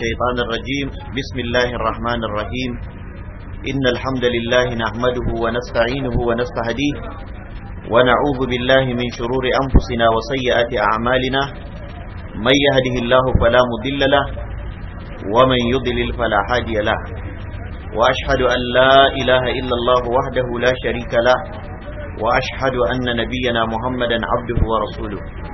الشيطان الرجيم بسم الله الرحمن الرحيم إن الحمد لله نحمده ونستعينه ونستهديه ونعوذ بالله من شرور أنفسنا وسيئات أعمالنا من يهده الله فلا مضل له ومن يضلل فلا هادي له وأشهد أن لا إله إلا الله وحده لا شريك له وأشهد أن نبينا محمدا عبده ورسوله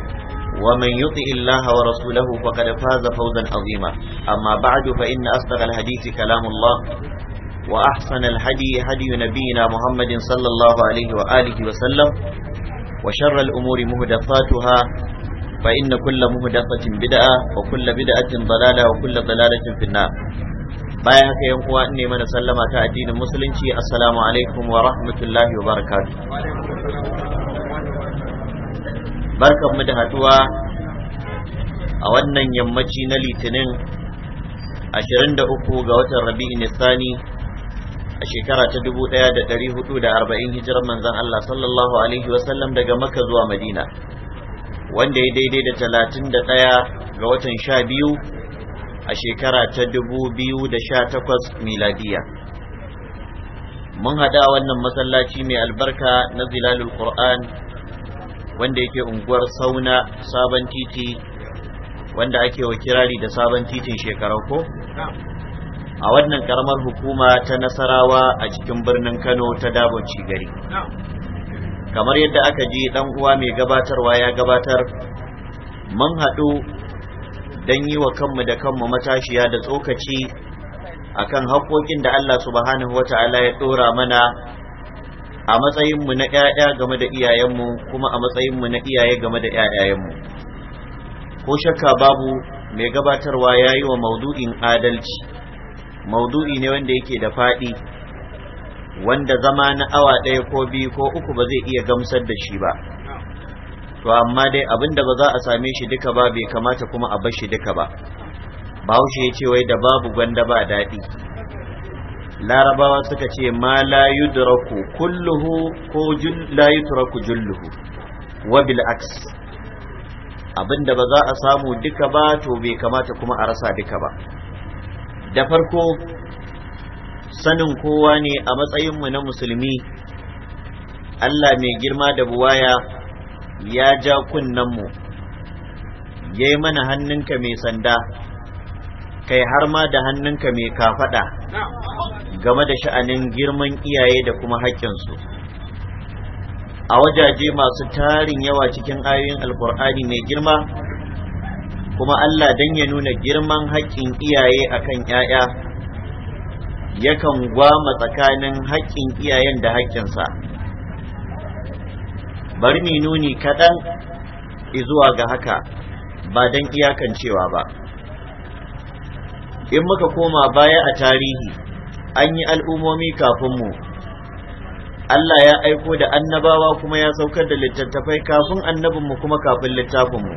ومن يطع الله ورسوله فقد فاز فوزا عظيما أما بعد فإن أصدق الحديث كلام الله وأحسن الهدي هدي نبينا محمد صلى الله عليه وآله وسلم وشر الأمور مهدفاتها فإن كل مهدفة بدعة وكل بدعة ضلالة وكل ضلالة في النار baya haka yan uwa ne mana sallama ta addinin musulunci assalamu alaikum wa rahmatullahi wa barakatuh barkanmu da haduwa a wannan yammaci na litinin 23 ga watan Rabi'u nisani a shekara ta 1440 hijirar manzan Allah sallallahu alaihi wasallam daga makka zuwa madina wanda ya daidai da 31 ga watan 12 a shekara ta 2018 miladiya mun hada wannan masallaci mai albarka na zilalul qur'an wanda yake unguwar sauna sabon titi wanda ake wa kirari da sabon titin shekarar ko a wannan karamar hukuma ta nasarawa a cikin birnin kano ta daboci gari. kamar yadda aka ji dan uwa mai gabatarwa ya gabatar mun haɗu don yi wa kanmu da kanmu matashiya da tsokaci akan haƙoƙin da allah subhanahu ta'ala ya ɗora mana a matsayinmu na ‘ya'ya game da iyayenmu kuma a matsayinmu na iyaye game da ‘ya'yayenmu ko shakka babu mai gabatarwa ya yi wa maudu'in adalci maudu'i ne wanda yake da faɗi wanda zama na awa ɗaya ko biyu ko uku ba zai iya gamsar da shi ba to amma dai abin da ba za a same shi duka ba bai kamata kuma a bar shi duka ba bahaushe ya ce wai da babu gwanda ba daɗi larabawa suka ce ma la yudraku kulluhu ko la yudraku julluhu wa bil aks abinda ba za a samu duka ba to bai kamata kuma a rasa duka ba da farko sanin kowa ne a matsayinmu na musulmi Allah mai girma da buwaya ya ja kunnenmu ya yi mana hannunka mai sanda kai har ma da hannunka mai kafaɗa. game da sha'anin girman iyaye da kuma haƙƙinsu a wajaje masu tarin yawa cikin ayoyin alkur'ani mai girma kuma Allah dan ya nuna girman haƙƙin iyaye akan 'ya'ya yakan gwama tsakanin haƙƙin iyayen da haƙƙinsa bari ni nuni kaɗan izuwa ga haka ba don iyakancewa ba in muka koma baya a tarihi an yi al'ummomi kafin mu Allah ya aiko da annabawa kuma ya saukar da littattafai kafin annabinmu kuma kafin littafinmu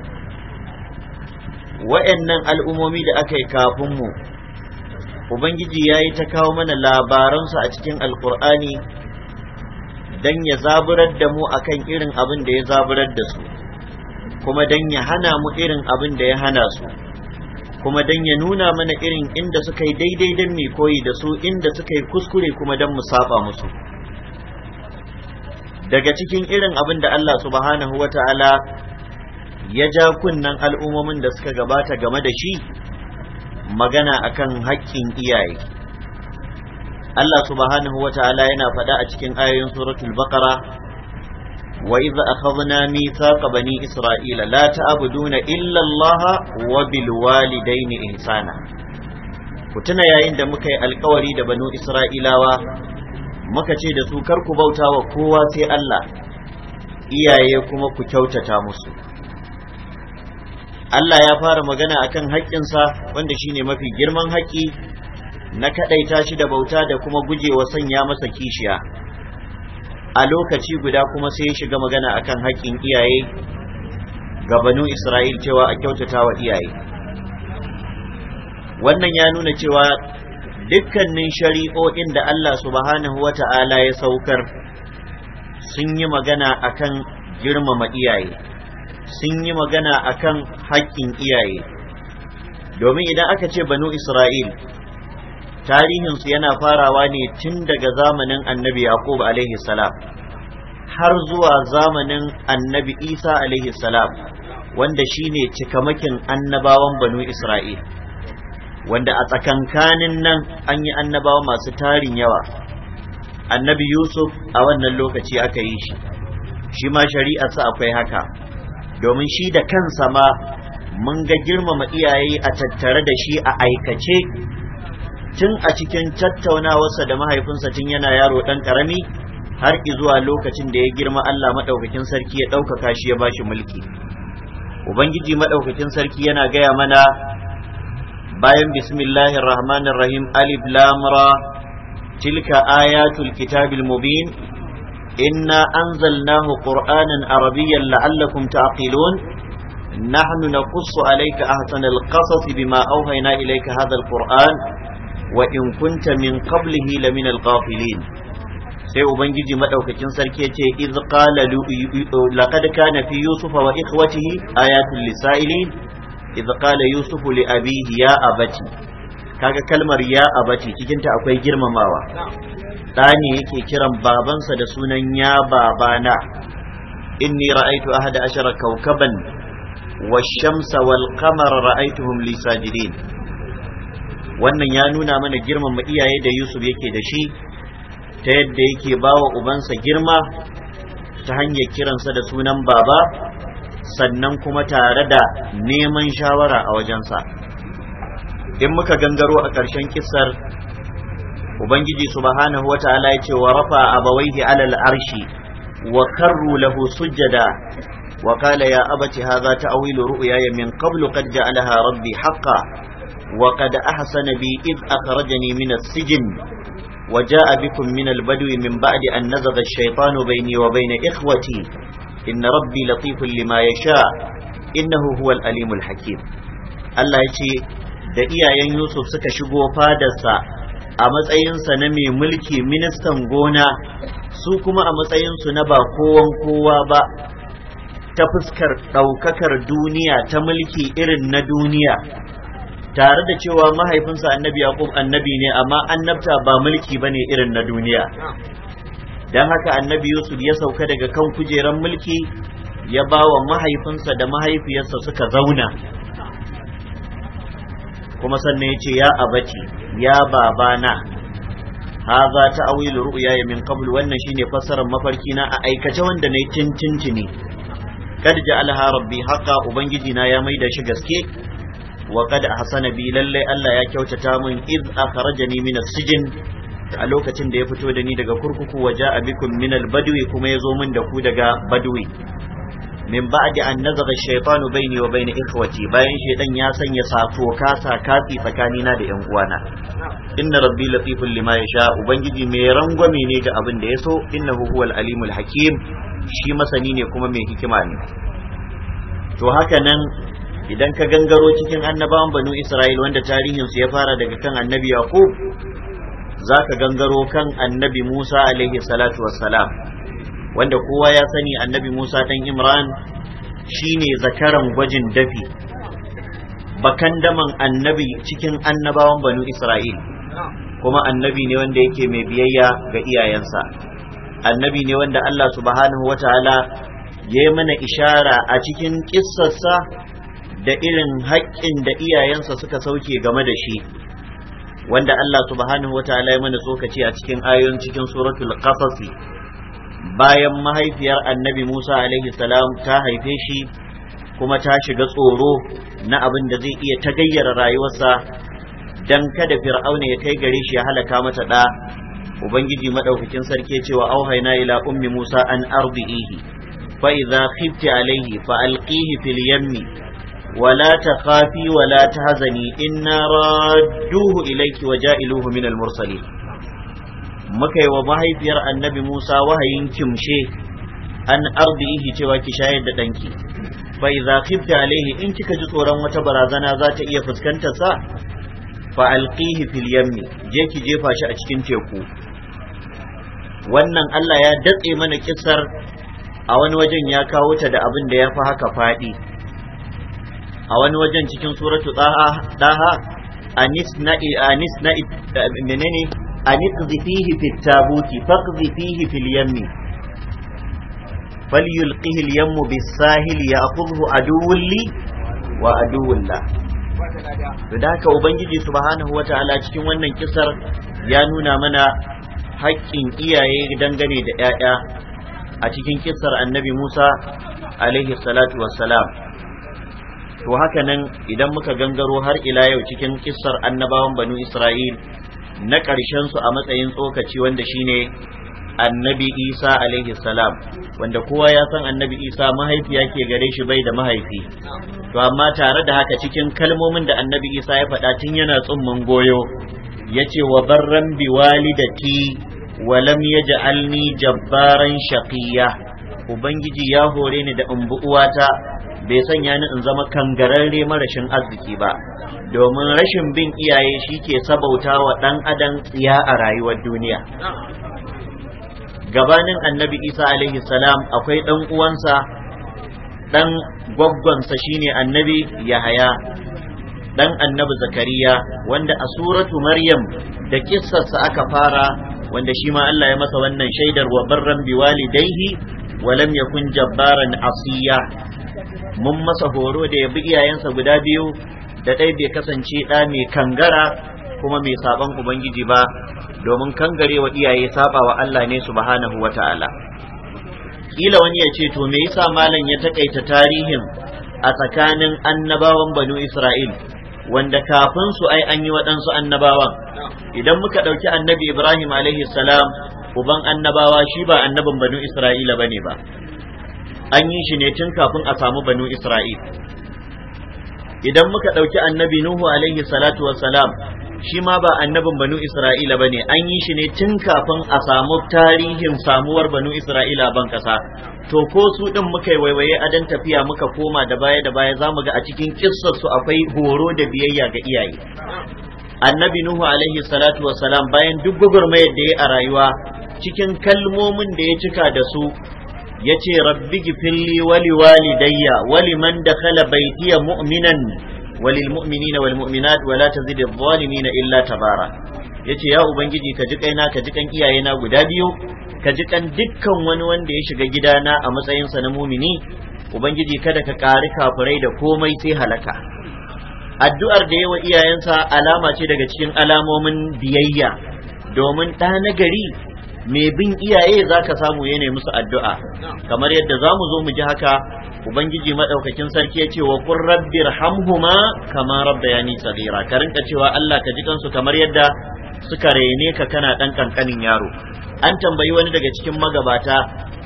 wa'yannan al'ummomi da aka yi kafin mu Ubangiji ya yi ta kawo mana labaransu a cikin alkur'ani don ya zaburar da mu akan irin abin da ya zaburar da su kuma don ya hana mu irin abin da ya hana su. kuma dan ya nuna mana irin inda suka yi daidai dan mai koyi da su inda suka yi kuskure kuma dan mu saba musu daga cikin irin abin da Allah subhanahu wata'ala ya ja kunnan al'ummomin da suka gabata game da shi magana akan haƙƙin iyaye Allah subhanahu wata'ala yana faɗa a cikin ayoyin suratul baqara وإذ أخذنا ميثاق بني إسرائيل لا تعبدون إلا الله وبالوالدين إحسانا كتنا يا عند Ku tuna yayin da muka yi ce da su kar ku bauta wa kowa sai Allah iyaye kuma ku kyautata musu Allah ya fara magana akan haƙƙinsa wanda shine mafi girman haƙƙi na kaɗaita shi da bauta da kuma gujewa sanya masa kishiya a lokaci guda kuma sai ya shiga magana akan haƙƙin iyaye ga banu Isra'il cewa a kyautata wa iyaye wannan ya nuna cewa dukkanin shari'o'in da Allah subhanahu wata'ala ya saukar sun yi magana akan girmama iyaye sun yi magana akan haƙƙin iyaye domin idan aka ce banu Isra'il tarihinsu yana farawa ne tun daga zamanin annabi yaqub alaihi salam har zuwa zamanin annabi isa alaihi salam wanda shine cikamakin annabawan banu isra'il wanda a tsakankanin nan an yi annabawa masu tarin yawa annabi yusuf a wannan lokaci aka yi shi shi ma sa akwai haka domin shi da kansa ma mun ga girmama iyaye a tattare da shi a aikace tun a cikin tattaunawarsa da mahaifinsa tun yana yaro ɗan ƙarami har zuwa lokacin da ya girma Allah maɗaukakin sarki ya ɗaukaka shi ya bashi mulki ubangiji maɗaukakin sarki yana gaya mana bayan bismillahir rahmanir rahim alif lam ra tilka ayatul kitabil mubin inna anzalnahu qur'anan arabiyyan la'allakum ta'qilun نحن نقص عليك أحسن القصص بما أوهينا إليك هذا القرآن wa in min qablihi la al sai ubangiji madaukakin sarki yace iz qala laqad kana fi yusufa wa ikhwatihi ayatul lisailin iz qala yusufu li abihi ya abati kaga kalmar ya abati cikin ta akwai girmamawa ne yake kiran babansa da sunan ya babana inni ra'aitu ahada ashara kawkaban wash-shamsa wal-qamara ra'aituhum li sajidin wannan ya nuna mana girmama iyaye da yusuf yake da shi ta yadda yake bawa ubansa girma ta hanyar kiransa da sunan baba sannan kuma tare da neman shawara a wajensa in muka gangaro a ƙarshen kisar ubangiji subhanahu wata'ala ya ce wa rafa abawaihi alal arshi wa karru lahu sujjada wa qala ya abati hadha ta'wilu ru'yaya min qablu qad ja'alaha rabbi haqqan وقد أحسن بي إذ أخرجني من السجن وجاء بكم من البدو من بعد أن نزغ الشيطان بيني وبين إخوتي إن ربي لطيف لما يشاء إنه هو الأليم الحكيم الله يشي da iyayen Yusuf suka shigo fadarsa a matsayinsa na mai mulki ministan gona su kuma a matsayinsu na ba kowan kowa ba ta fuskar ɗaukakar duniya ta mulki irin na duniya tare da cewa mahaifinsa annabi yaqub annabi ne amma annabta ba mulki bane irin na duniya dan haka annabi yusuf ya sauka daga kan kujeran mulki ya ba wa mahaifinsa da mahaifiyarsa suka zauna kuma sannan ya ce ya abati ya babana haza ta awilu ru'ya min qabl wannan shine fassarar mafarki na a aikace wanda nayi tintintini kad ja'alaha rabbi haqa ubangiji na ya maida shi gaske wa qad ahsana bi lalle Allah ya kyautata min iz akhrajani min as-sijn a lokacin da ya fito da ni daga kurkuku wa ja'a bikum min al-badwi kuma yazo min da ku daga badwi min ba'di an nazagha shaytanu bayni wa bayna ikhwati bayan shaytan ya sanya safo kasa kafi na da yan uwana inna rabbi latifun lima yasha ubangiji mai rangwame ne ga abin da ya so innahu huwal alimul hakim shi masani ne kuma mai hikima ne to haka nan idan ka gangaro cikin annabawan banu isra'il wanda tarihinsu ya fara daga kan annabi yaqub za ka gangaro kan annabi musa alaihi salatu wassalam wanda kowa ya sani annabi musa dan imran shine zakaran gwajin dafi bakan daman annabi cikin annabawan banu isra'il kuma annabi ne wanda yake mai biyayya ga iyayensa annabi ne wanda allah subhanahu wataala ya yi mana ishara a cikin kissarsa da irin haƙƙin da iyayensa suka sauke game da shi wanda Allah subhanahu wataala ya mana tsokaci a cikin ayoyin cikin suratul qasas bayan mahaifiyar annabi Musa alaihi salam ta haife shi kuma ta shiga tsoro na abin da zai iya tagayyara rayuwarsa dan kada fir'auna ya kai gare shi ya halaka mata da ubangiji madaukakin sarki cewa auhayna ila ummi Musa an arbi fa idza khifti alaihi fa alqihi fil yammi ولا تخافي ولا تهزني إنا راجوه إليك وجائلوه من المرسلين مكي وبهي بير النبي موسى وهي كمشي أن أرضيه تواكي شاهد دنكي فإذا خبت عليه إن تكجت ورم وتبرازنا ذات إيا فسكنت سا فألقيه في اليم جيكي جيفا شأشكين تيكو wannan Allah ya datse mana kisar a wani wajen ya kawo ta da abin da ya fi haka faɗi a wani wajen cikin suratu daha anis na anis na menene aniqzi fihi fit tabuti faqzi fihi fil yammi falyulqihi al yammu bis sahil ya'khudhu aduwwun li wa aduwwun la to da haka ubangiji subhanahu wataala cikin wannan kisar ya nuna mana haƙƙin iyaye dangane da 'ya'ya a cikin kisar annabi Musa alaihi salatu wassalam to haka nan idan muka gangaro har ila yau cikin kissar annabawan banu isra'il na ƙarshen su a matsayin tsokaci wanda shine annabi isa alaihi salam wanda kowa ya san annabi isa mahaifiya ke gare shi bai da mahaifi to amma tare da haka cikin kalmomin da annabi isa ya faɗa tun yana tsumman goyo ya ce wa barran bi walidati wa lam yaj'alni jabbaran shaqiyya ubangiji ya hore ni da umbu bai sanya ni in zama kangararre marashin arziki ba domin rashin bin iyaye shi ke sabauta wa ɗan adam tsiya a rayuwar duniya gabanin annabi isa alaihi salam akwai ɗan uwansa ɗan gwaggwansa shine annabi yahaya ɗan annabi zakariya wanda a suratu maryam da kissarsa aka fara wanda shi ma Allah ya masa wannan shaidar wa barran biwalidaihi wa lam yakun jabbaran asiya mun masa horo da ya bi iyayensa guda biyu da ɗaya bai kasance ɗa mai kangara kuma mai saban ubangiji ba domin kangare wa iyaye saba wa Allah ne subhanahu Ta'ala. Ƙila wani ya ce to me yasa malam ya takaita tarihin a tsakanin annabawan banu Isra'il wanda kafin su ai an yi waɗansu annabawan idan muka ɗauki annabi Ibrahim alaihi salam uban annabawa shi ba annabin banu Isra'ila bane ba an yi shi ne tun kafin a samu banu Isra'il idan muka ɗauki annabi Nuhu alaihi salatu salam, shi ma ba annabin banu Isra'ila ne. an yi shi ne tun kafin a samu tarihin samuwar banu Isra'ila ban kasa to ko su ɗin muka yi waiwaye dan tafiya muka koma da baya da baya zamu ga a cikin kissar su akwai horo da biyayya ga iyaye annabi nuhu alaihi salatu salam bayan duk gwagwarmayar da ya a rayuwa cikin kalmomin da ya cika da su yace rabbi gifilli wali walidayya wali man dakhala baitiya mu'minan walil mu'minina wal mu'minat wala tazidil zalimina illa tabara yace ya ubangiji ka ji kaina ka ji kan iyayena guda biyu ka ji kan dukkan wani wanda ya shiga gidana a matsayinsa na mumini ubangiji kada ka kari kafirai da komai sai halaka addu'ar da yawa iyayensa alama ce daga cikin alamomin biyayya domin ɗa na mai bin iyaye za ka samu ya ne musu addu'a kamar yadda za mu zo mu ji haka ubangiji maɗaukakin sarki ya ce wa qur rabbirhamhuma kama rabbayani saghira ka rinka cewa Allah ka ji kansu kamar yadda suka rene ka kana ɗan ƙanƙanin yaro an tambayi wani daga cikin magabata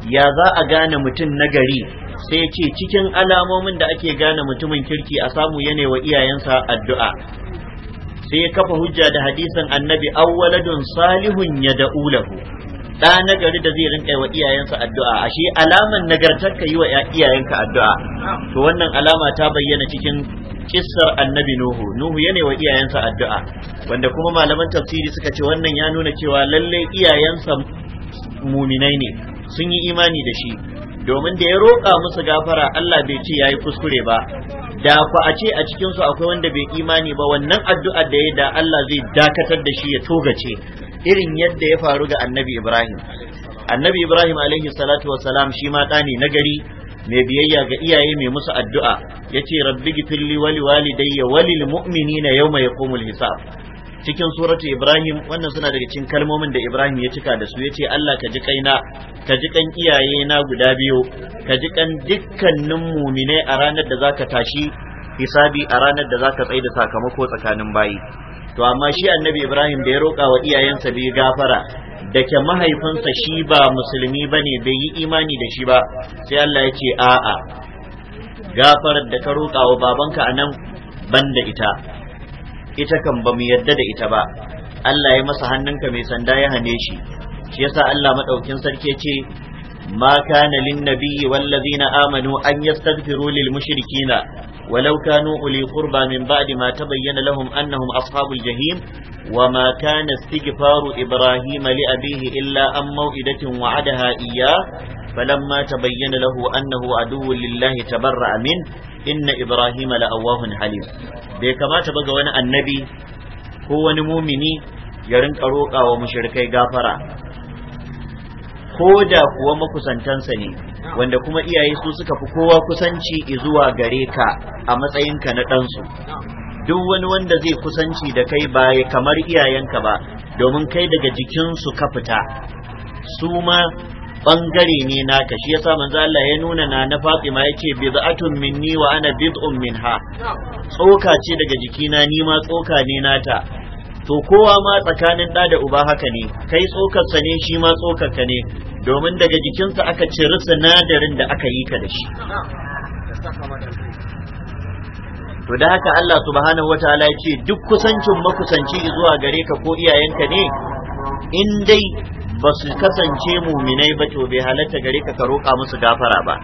ya za a gane mutum nagari sai ce cikin alamomin da ake gane mutumin kirki a samu wa iyayensa addu'a sai kafa hujja da hadisin annabi awwaladun salihun ya da'ulahu da gari da zai rinka wa iyayensa addu'a ashe alaman nagartar ka yi wa iyayenka addu'a to wannan alama ta bayyana cikin kissar annabi nuhu nuhu yana wa iyayensa addu'a wanda kuma malaman tafsiri suka ce wannan ya nuna cewa lalle iyayensa muminai ne sun yi imani da shi domin da ya roƙa musu gafara Allah bai ce yayi kuskure ba da ku a ce a cikin su akwai wanda bai imani ba wannan addu'a da ya da Allah zai dakatar da shi ya togace irin yadda ya faru ga annabi Ibrahim annabi Ibrahim alaihi salatu salam shi ma ɗani na gari mai biyayya ga iyaye mai musu addu'a ya ce rabbi gifirli wali ya walidayya na yau mai yaqumul hisab cikin suratu Ibrahim wannan suna daga cikin kalmomin da Ibrahim ya cika da su yace Allah ka ji kaina ka ji kan iyaye na guda biyu ka ji kan dukkanin mu'minai a ranar da zaka tashi hisabi a ranar da zaka tsaye da sakamako tsakanin bayi to amma shi annabi ibrahim da ya roƙa wa iyayensa biyu gafara da ke mahaifinsa shi ba musulmi ba ne bai yi imani da shi ba sai allah ya ce a'a gafarar da ka roƙa wa babanka a nan ban da ita ita kan ba mu yarda da ita ba allah ya masa hannunka mai sanda ya hane shi shi yasa allah maɗaukin sarki ce ma lin كان wallazina amanu an yastaghfiru lil mushrikina. ولو كانوا أولي قربى من بعد ما تبين لهم أنهم أصحاب الجحيم وما كان استغفار إبراهيم لأبيه إلا أن موئدة وعدها إياه فلما تبين له أنه عدو لله تبرأ منه إن إبراهيم لأواه حليم bai kamata ba ga wani annabi ko wani mumini ya rinka roƙa wa mushrikai gafara ko da kuwa makusantansa ne wanda kuma iyaye su suka fi kowa kusanci zuwa gare ka a matsayinka na ɗansu duk wani wanda zai kusanci da kai ba kamar iyayenka ba domin kai daga jikinsu ka fita su ma ɓangare ne naka shi yasa manzo Allah ya nuna na na Fatima yace bid'atun minni wa ana bid'un minha tsoka ce daga jikina ni ma tsoka ne nata to kowa ma tsakanin ɗa da uba haka ne kai tsokarsa ne shi ma tsokar ne domin daga jikinsa aka ciri sinadarin da aka yi ka da shi to da haka Allah subhanahu wataala ya ce duk kusancin makusanci zuwa gare ka ko iyayenka ne in dai ba su kasance muminai ba to bai halatta gare ka ka roƙa musu gafara ba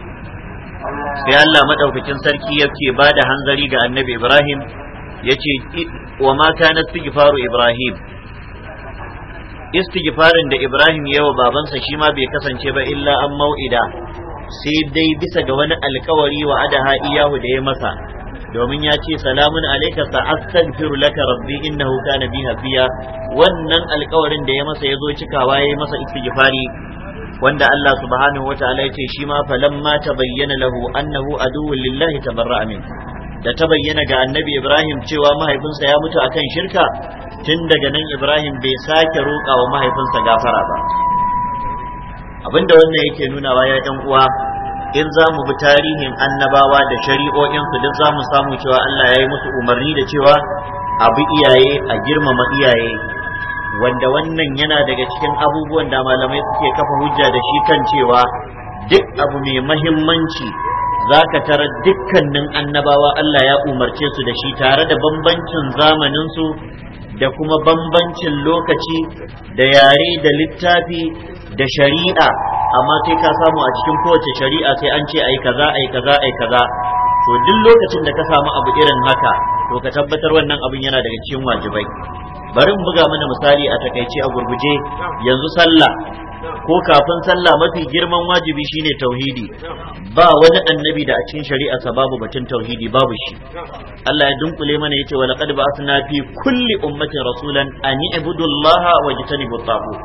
sai Allah madaukakin sarki yake ba da hanzari ga annabi Ibrahim yace wa ma kana istighfaru Ibrahim istighfarin da Ibrahim yawa babansa shi ma bai kasance ba illa an mau'ida sai dai bisa ga wani alkawari wa adaha iyahu da ya masa domin ya ce salamun alaika sa astaghfiru laka rabbi innahu kana bi hafiya wannan alkawarin da ya masa yazo cikawa yayi masa istighfari wanda Allah subhanahu wataala ya ce shi ma falamma tabayyana lahu annahu aduwwun lillahi tabarra'a min da ta bayyana ga annabi Ibrahim cewa mahaifinsa ya mutu akan shirka tun daga nan ibrahim bai sake roƙa wa mahaifinsa gafara ba abinda wannan yake nunawa ya yan uwa in za mu bi tarihin annabawa da shari'o'insu duk za mu samu cewa allah ya yi musu umarni da cewa abu iyaye a girmama iyaye wanda wannan yana daga cikin abubuwan da malamai suke kafa hujja da shi kan cewa duk abu mai mahimmanci za ka tara dukkanin annabawa Allah ya umarce su da shi tare da bambancin zamaninsu da kuma bambancin lokaci da yare da littafi da shari'a amma kai ka samu a cikin kowace shari'a sai an ce ai kaza ai kaza ai kaza to duk lokacin da ka samu abu irin haka to ka tabbatar wannan abin yana daga cikin wajibai bari mu buga mana misali a takaice a gurguje yanzu sallah ko kafin sallah mafi girman wajibi shine tauhidi ba wani annabi da a cikin shari'a sa babu batun tauhidi babu shi Allah ya dunkule mana yace wa laqad ba'athna fi kulli ummatin rasulan an i'budu Allah wa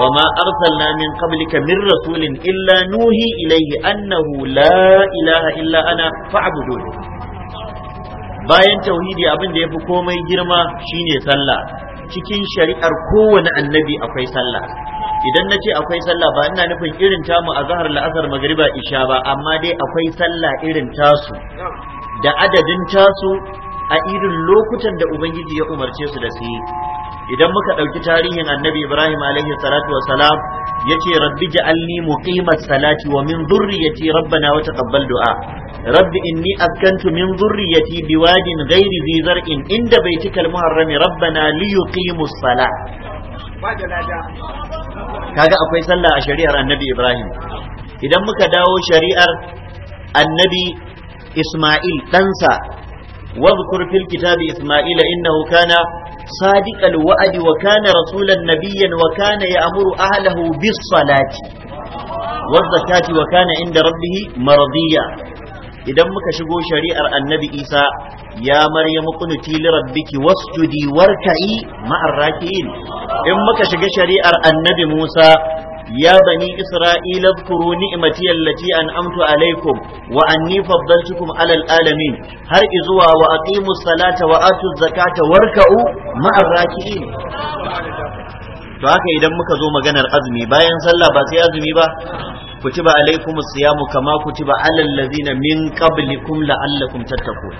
wa ma arsalna min qablika min rasulin illa nuhi ilayhi annahu la ilaha illa ana bayan tauhidi abin da fi komai girma shine sallah cikin shari'ar kowane annabi akwai sallah idan na ce akwai sallah ba ina nufin irin tamu a zahar la'asar magariba isha ba amma dai akwai sallah irin tasu da adadin tasu a irin lokutan da ubangiji ya umarce su da su yi idan muka ɗauki tarihin annabi ibrahim alaihi salatu wa salam ya ce rabbi ja'alni muqimat salati wa min dhurriyyati rabbana wa taqabbal du'a rabbi inni askantu min dhurriyyati biwadin ghairi dhi zar'in inda baitikal muharrami rabbana li yuqimus salah kaga akwai sallah a shari'ar annabi ibrahim idan muka dawo shari'ar annabi isma'il ɗansa واذكر في الكتاب إسماعيل إنه كان صادق الوعد وكان رسولا نبيا وكان يأمر أهله بالصلاة والزكاة وكان عند ربه مرضيا idan muka shigo shari'ar annabi isa ya maryamu kunuti li rabbiki wasjudi warka'i ma'ar raki'in in muka shiga shari'ar annabi musa ya bani isra'ila zkuru ni'mati allati an'amtu alaikum wa anni faddaltukum alal alamin har izuwa wa'asimu aqimu salata wa atu zakata warka'u ma'ar raki'in to haka idan muka zo maganar azumi bayan sallah ba su yi azumi ba kutiba alaikumus siyamu kama kutiba alal ladzina min qablikum la'allakum tattaqun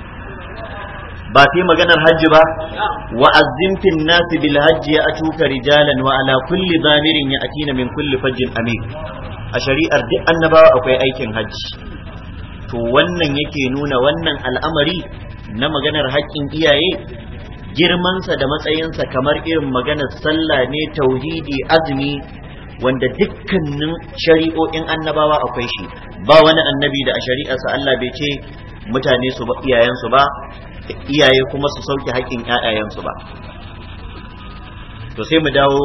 ba sai maganar hajji ba wa azzimtin nasi bil hajji ya atuka rijalan wa ala kulli zamirin ya atina min kulli fajjin amin a shari'ar duk annabawa akwai aikin hajji to wannan yake nuna wannan al'amari na maganar haƙƙin iyaye girmansa da matsayinsa kamar irin maganar sallah ne tauhidi azumi wanda dukkanin shari'o'in annabawa akwai shi ba wani annabi da a shari'arsa Allah bai ce mutane su ba iyayensu ba iyaye kuma su sauke haƙƙin ƴaƴayensu ba to sai mu dawo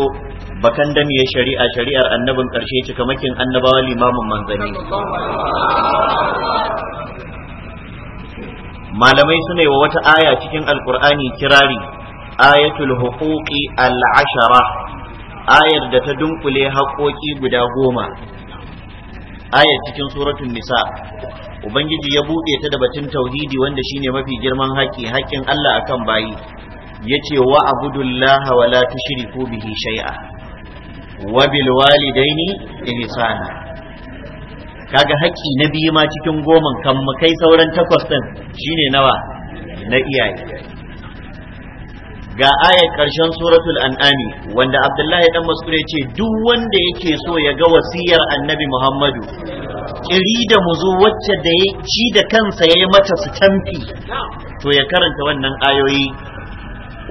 bakan damiyar shari'a shari'ar annabin ƙarshe cikamakin annabawa limamin manzani. malamai suna yi wa wata aya cikin alkur'ani kirari ayatul huquqi al ayar da ta dunkule haƙoƙi guda goma ayar cikin suratun nisa ubangiji ya buɗe ta da batun tauhidi wanda shine mafi girman haƙi haƙin Allah akan bayi yace wa abudullah wa la tushriku bihi shay'a wa bil walidaini ihsana kaga haƙi na biyu ma cikin goman kan mu kai sauran takwas din shine nawa na iyaye ga ayar ƙarshen suratul an'ami wanda abdullahi dan mas'ud ya ce duk wanda yake so ya ga wasiyar annabi muhammadu kiri da muzu wacce da ya ci da kansa ya yi mata sitamfi to ya karanta wannan ayoyi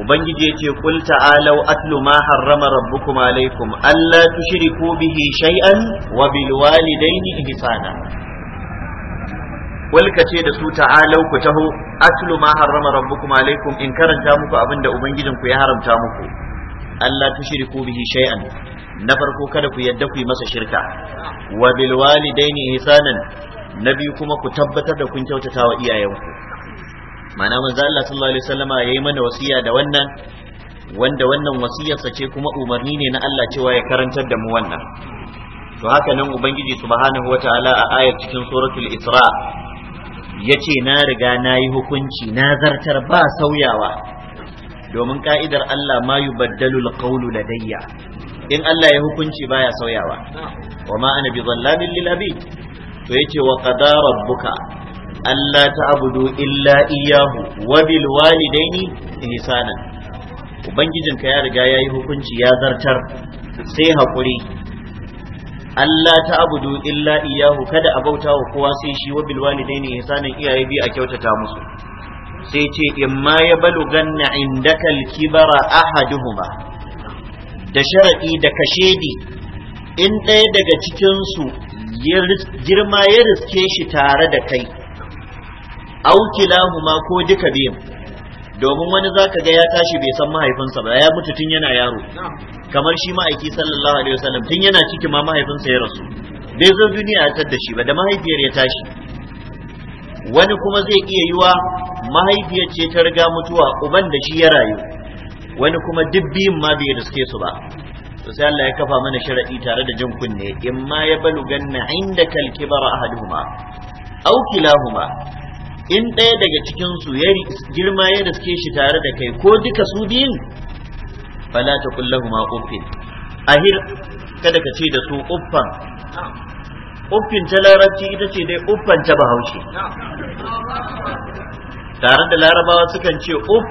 ubangiji ya ce kul ta'alau atlu ma harrama rabbukum alaikum alla tushriku bihi shay'an wa bil walidaini ihsana walka ce da su ta'alau ku taho atlu ma harrama rabbukum alaikum in karanta muku abinda ubangijin ku ya haramta muku Allah tushriku bihi shay'an na farko kada ku yarda ku yi masa shirka wa bil walidaini ihsanan na biyu kuma ku tabbatar da kun kyautatawa iyayenku ma'ana manzo Allah sallallahu alaihi wasallama yayi mana wasiya da wannan wanda wannan wasiyarsa ce kuma umarni ne na Allah cewa ya karantar da mu wannan to haka nan ubangiji subhanahu wataala a ayar cikin suratul israa ya ce na riga na yi hukunci na zartar ba sauyawa domin ka'idar Allah ma yi baddalul qawlu ladayya in Allah ya hukunci baya sauyawa wa ma ana bi zallamin lil to yace wa qada rabbuka alla ta'budu illa iyyahu wa bil walidaini ihsana ubangijinka ya riga yayi hukunci ya zartar sai hakuri Allah ta abudu illa iyahu kada a bauta wa kowa sai shi wa ne sanin iyaye biyu a kyautata musu sai ce in ma ya balu ganna al-kibara ahaduhuma da sharadi da kashedi in ɗaya daga cikin su girma ya riske shi tare da kai aukilahuma ko duka biyun domin wani zaka ga ya tashi bai san mahaifinsa ba ya mutu tun yana yaro kamar shi ma'aiki sallallahu alaihi wasallam tun yana ciki ma mahaifinsa ya rasu bai zo duniya ya da shi ba da mahaifiyar ya tashi wani kuma zai iya yiwa mahaifiyar ce ta riga mutuwa uban da shi ya rayu wani kuma duk biyun ma bai riske su ba to sai Allah ya kafa mana sharadi tare da jin kunne in ma ya baluganna inda kalkibara ahaduhuma aw kilahuma in ɗaya daga cikin su ya girma ya riske shi tare da kai ko duka su biyun fala ta kullahuma uffin ahir kada ka ce da su uffan uffin ta larabci ita ce dai uffan ta bahaushe tare da larabawa sukan ce uff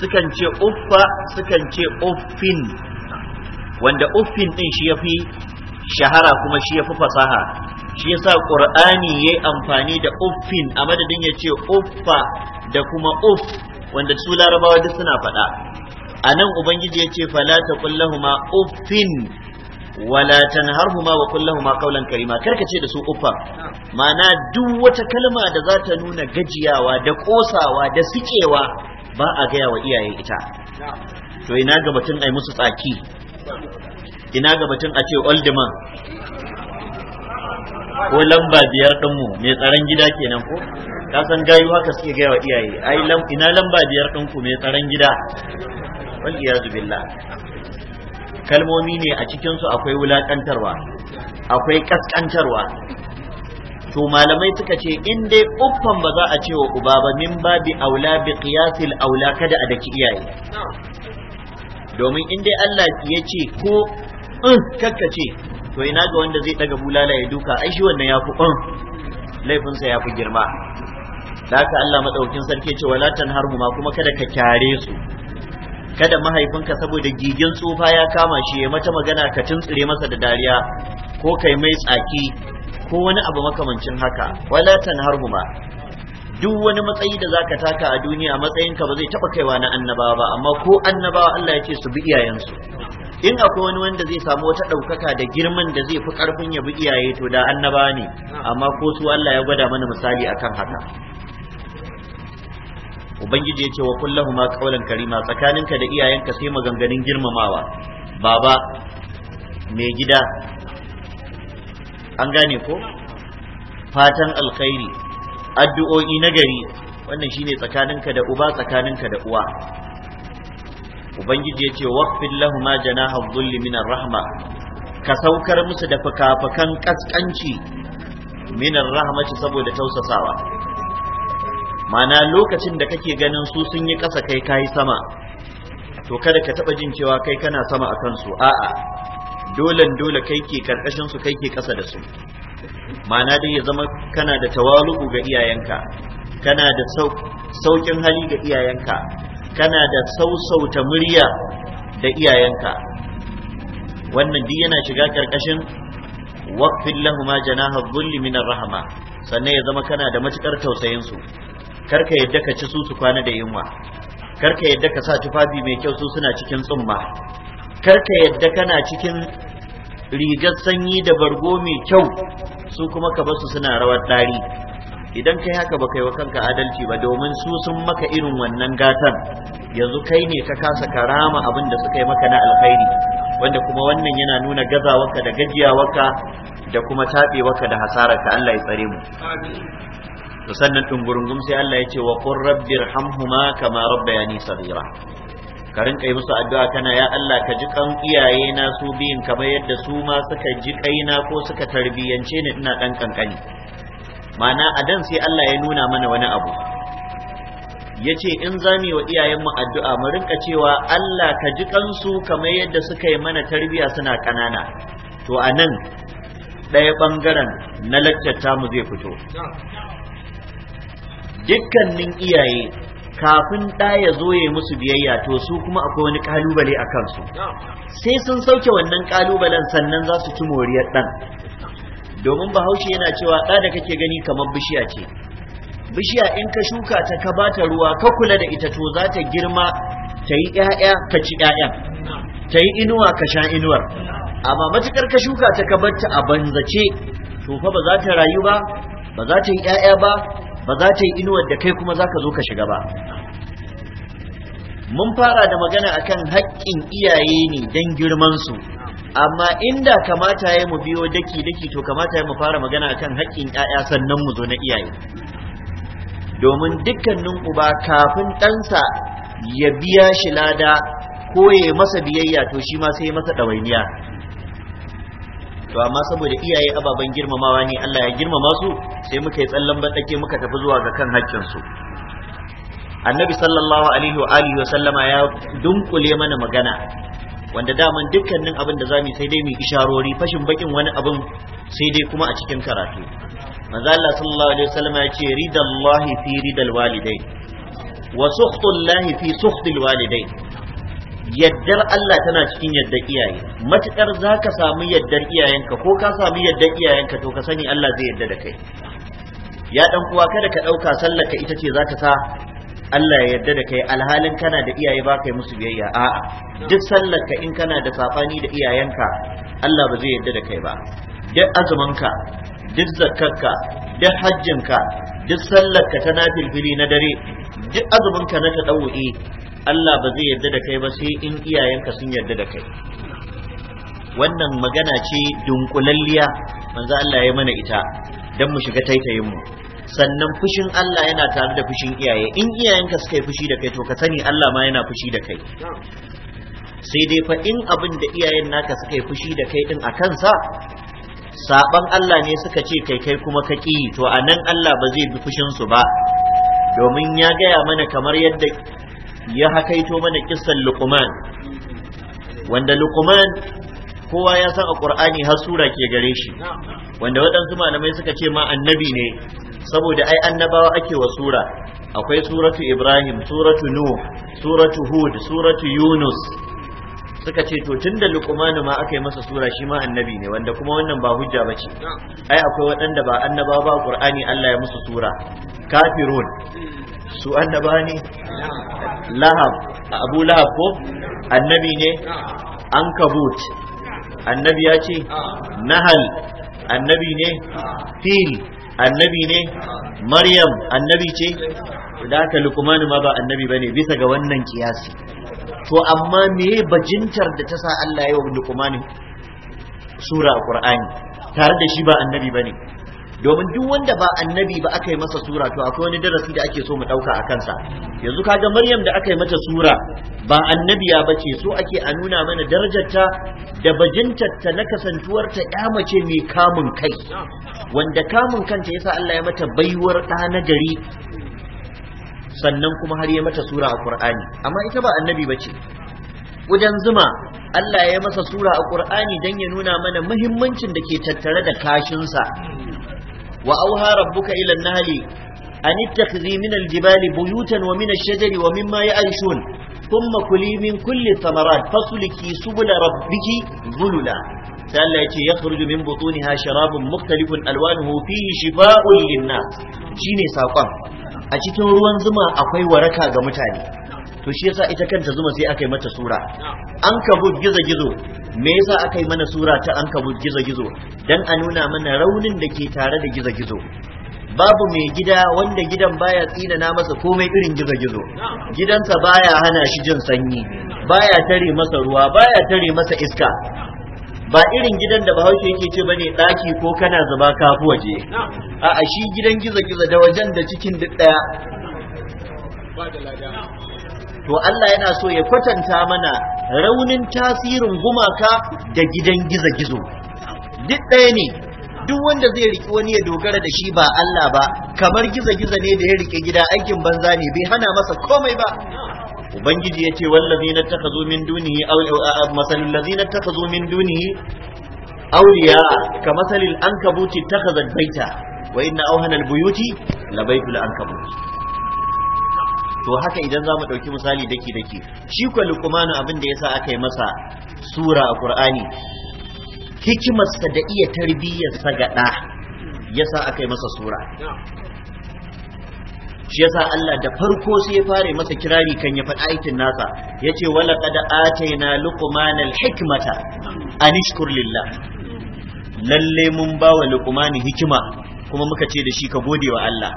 sukan ce uffa sukan ce uffin wanda uffin din shi yafi shahara kuma shi yafi fasaha shi yasa qur'ani yayi amfani da uffin a madadin ya ce uffa da kuma uff wanda su larabawa duk suna faɗa anan ubangiji ya ce fala ta kullahuma uffin wala tanharhuma wa kullahuma qawlan karima karka ce da su uffa ma'ana duk wata kalma da za ta nuna gajiyawa da kosawa da sikewa ba a gaya wa iyaye ita to ina ga batun ai musu tsaki ina ga batun a ce old ko lamba biyar ɗinmu mai tsaron gida kenan ko ka san gayu haka suke gaya wa iyaye ai ina lamba biyar ɗinku mai tsaron gida waliyazu billah kalmomi ne a cikinsu akwai wulakantarwa akwai kaskantarwa to malamai suka ce in dai uffan ba za a ce wa uba ba min babi aula bi qiyasil aula kada a daki iyaye domin in dai Allah ya ce ko in kakka ce to ina ga wanda zai daga bulala ya duka ai shi wannan yafi in laifinsa yafi girma da haka Allah madaukin sarki ce wala tanharhu ma kuma kada ka kyare su kada mahaifinka saboda gigin tsufa ya kama shi ya mata magana ka tuntsire masa da dariya ko kai mai tsaki ko wani abu makamancin haka wala ba. duk wani matsayi da zaka taka a duniya matsayinka ba zai taba kaiwa na annabawa ba amma ko annabawa Allah yake su bi iyayensu in akwai wani wanda zai samu wata ɗaukaka da girman da zai fi ƙarfin ya bi iyaye to da annaba ne amma ko su Allah ya gwada mana misali akan haka ubangiji ya ce wa ma kaulan karima tsakaninka da iyayenka sai maganganun girmamawa baba mai gida an gane ko fatan alkhairi addu'o'i nagari wannan shine tsakaninka da uba tsakaninka da uwa ubangiji ya ce waqfil lahuma janaha dhulli min rahma ka saukar musu da fuka-fukan kaskanci minar rahmaci saboda tausasawa mana lokacin da kake ganin su sun yi ƙasa kai kayi sama to kada ka taɓa jin cewa kai kana sama a kansu a'a dole dole kai ke karkashin su kai ke ƙasa da su mana dai ya zama kana da tawalu ga iyayenka kana da sauƙin hali ga iyayenka kana da sausauta murya da iyayenka wannan duk yana shiga karkashin waqfin lahuma janaha dhulli min rahama sannan ya zama kana da matukar tausayin su karka yadda ka ci su su kwana da yunwa karka yadda ka sa tufafi mai kyau su suna cikin tsumma karka yadda kana cikin rigar sanyi da bargo mai kyau su kuma ka basu suna rawar dari idan kai haka ba kai wa kanka adalci ba domin su sun maka irin wannan gatan yanzu kai ne ka kasa karama abin da suka yi maka na alkhairi wanda kuma wannan yana nuna gazawarka da gajiyawarka da kuma taɓewarka da hasararka Allah ya tsare mu to sannan dungurungum sai Allah ya ce wa qur rabbirhamhuma kama rabbayani saghira ka rinka yi musu addu'a kana ya Allah ka ji kan iyaye na su biyin kamar yadda su ma suka ji kaina ko suka tarbiyyance ni ina dan kankani ma'ana a dan sai Allah ya nuna mana wani abu ya ce in za mu yi wa iyayenmu addu'a mu rinka cewa Allah ka ji su kamar yadda suka yi mana tarbiyya suna kanana to a nan ɗaya ɓangaren na laccar mu zai fito dukkanin iyaye kafin ɗa ya zo ya musu biyayya to su kuma akwai wani kalubale a kansu sai sun sauke wannan kalubalen sannan za su ci moriyar ɗan domin bahaushe yana cewa ɗa da kake gani kamar bishiya ce bishiya in ka shuka ta ka bata ruwa ka kula da ita to za ta girma ta yi ƴaƴa ka ci ‘ya'yan ta yi inuwa ka sha inuwar amma matukar ka shuka ta ka bar ta a banzace to fa ba za ta rayu ba ba za ta yi ƴaƴa ba ba za ta yi inuwar da kai kuma za ka zo ka shiga ba mun fara da magana akan haƙƙin iyaye ne don su, amma inda kamata ya mu biyo daki-daki to kamata ya mu fara magana akan haƙƙin 'ya'ya sannan mu zo na iyaye domin dukkanin uba kafin ɗansa ya biya shi lada ko ya masa biyayya to shi ma sai masa ɗawainiya to amma saboda iyaye ababen girmamawa ne Allah ya girmama su sai muka yi tsallan baɗake muka tafi zuwa ga kan haƙƙin su annabi sallallahu alaihi wa alihi wa sallama ya dunkule mana magana wanda daman dukkanin abin da zamu sai dai mu isharori fashin bakin wani abin sai dai kuma a cikin karatu manzo Allah sallallahu alaihi wa sallama ya ce ridallahi fi ridal walidai wa sukhtullahi fi sukhtil walidain yaddar Allah tana cikin yaddar iyaye matukar za ka samu yaddar iyayenka ko ka samu yaddar iyayenka to ka sani Allah zai yadda da kai ya dan uwa kada ka ɗauka sallar ka ita ce za ka sa Allah ya yadda da kai alhalin kana da iyaye ba kai musu biyayya a'a duk sallar ka in kana da safani da iyayenka Allah ba zai yadda da kai ba duk azumanka duk zakkarka duk hajjinka duk sallar ka ta nafilfili na dare duk azumin ka na tadawu'i Allah ba zai yarda da kai ba sai in iyayenka sun yarda da kai wannan magana ce dunkulalliya manzo Allah ya mana ita dan mu shiga taitayin mu sannan fushin Allah yana tare da fushin iyaye in iyayenka suka yi fushi da kai to ka sani Allah ma yana fushi da kai sai dai fa in abin da iyayen naka suka yi fushi da kai din a kansa saban Allah ne suka ce kai kai kuma ka ki to nan Allah ba zai bi fushin su ba domin ya gaya mana kamar yadda ya hakaito mana kissan luqman wanda luqman kowa ya san a qur'ani har sura ke gare shi wanda waɗansu malamai suka ce ma annabi ne saboda ai annabawa ake wa sura akwai suratu ibrahim suratu nuh suratu hud suratu yunus suka ce to tunda luqmanu ma aka yi masa sura shi ma annabi ne wanda kuma wannan ba hujja bace ai akwai waɗanda ba annabawa ba qur'ani Allah ya musu sura kafirun su annaba ne lahab abu lahab ko annabi ne an kabut annabi ya ce nahal annabi ne fil annabi ne maryam annabi ce da ta lukumanu ma ba annabi bane bisa ga wannan kiyasi to amma me bajintar da ta sa Allah ya wa lukumanu sura a ƙurani tare da shi ba annabi bane domin duk wanda ba annabi ba aka yi masa sura to akwai wani darasi da ake so mu ɗauka a kansa yanzu kaga maryam da aka yi mata sura ba annabiya ba ce so ake a nuna mana darajarta da bajintarta na kasantuwarta ya mace mai kamun kai wanda kamun kanta yasa Allah ya mata baiwar ɗa na gari sannan kuma har ya mata sura a Qur'ani amma ita ba annabi bace wajen zuma Allah ya masa sura a Qur'ani dan ya nuna mana muhimmancin da ke tattare da kashinsa وأوهى ربك إلى النهل أن اتخذي من الجبال بيوتا ومن الشجر ومما يعيشون ثم كلي من كل الثمرات فصلكي سبل ربك ذللا التي يخرج من بطونها شراب مختلف ألوانه فيه شفاء للناس شيني ساقا أتكن روان زما أقوي وركا غمتاني to shi yasa ita kanta zuma sai aka yi mata sura an kabu gizo gizo me yasa aka yi mana sura ta an kabu gizo gizo dan a nuna mana raunin da ke tare da gizo gizo babu mai gida wanda gidan baya tsina na masa komai irin gizo gizo gidansa baya hana shi jin sanyi baya tare masa ruwa baya tare masa iska ba irin gidan da bahaushe yake ce bane daki ko kana zuba kafu waje a'a shi gidan gizo gizo da wajen da cikin duk daya to Allah yana so ya kwatanta mana raunin tasirin gumaka da gidan gizo-gizo duk ɗaya ne duk wanda zai riki wani ya dogara da shi ba Allah ba kamar gizo-gizo ne da ya rike gida aikin banza ne bai hana masa komai ba ubangiji ya ce wallazi na taka zo min dunihi masalin lazi na taka min dunihi auliya ka masalin an kabuti ta baita wa inna auhanal buyuti la an kabuci to haka idan za mu ɗauki misali daki daki shi kwa lukumanu abin da yasa aka yi masa sura a qur'ani hikimarsa da iya tarbiyyarsa ga ya yasa aka yi masa sura shi yasa Allah da farko sai ya fara masa kirari kan ya faɗa aikin nasa yace wala qad ataina luqman hikmata a ishkur lillah lalle mun bawa luqman hikima kuma muka ce da shi ka gode wa Allah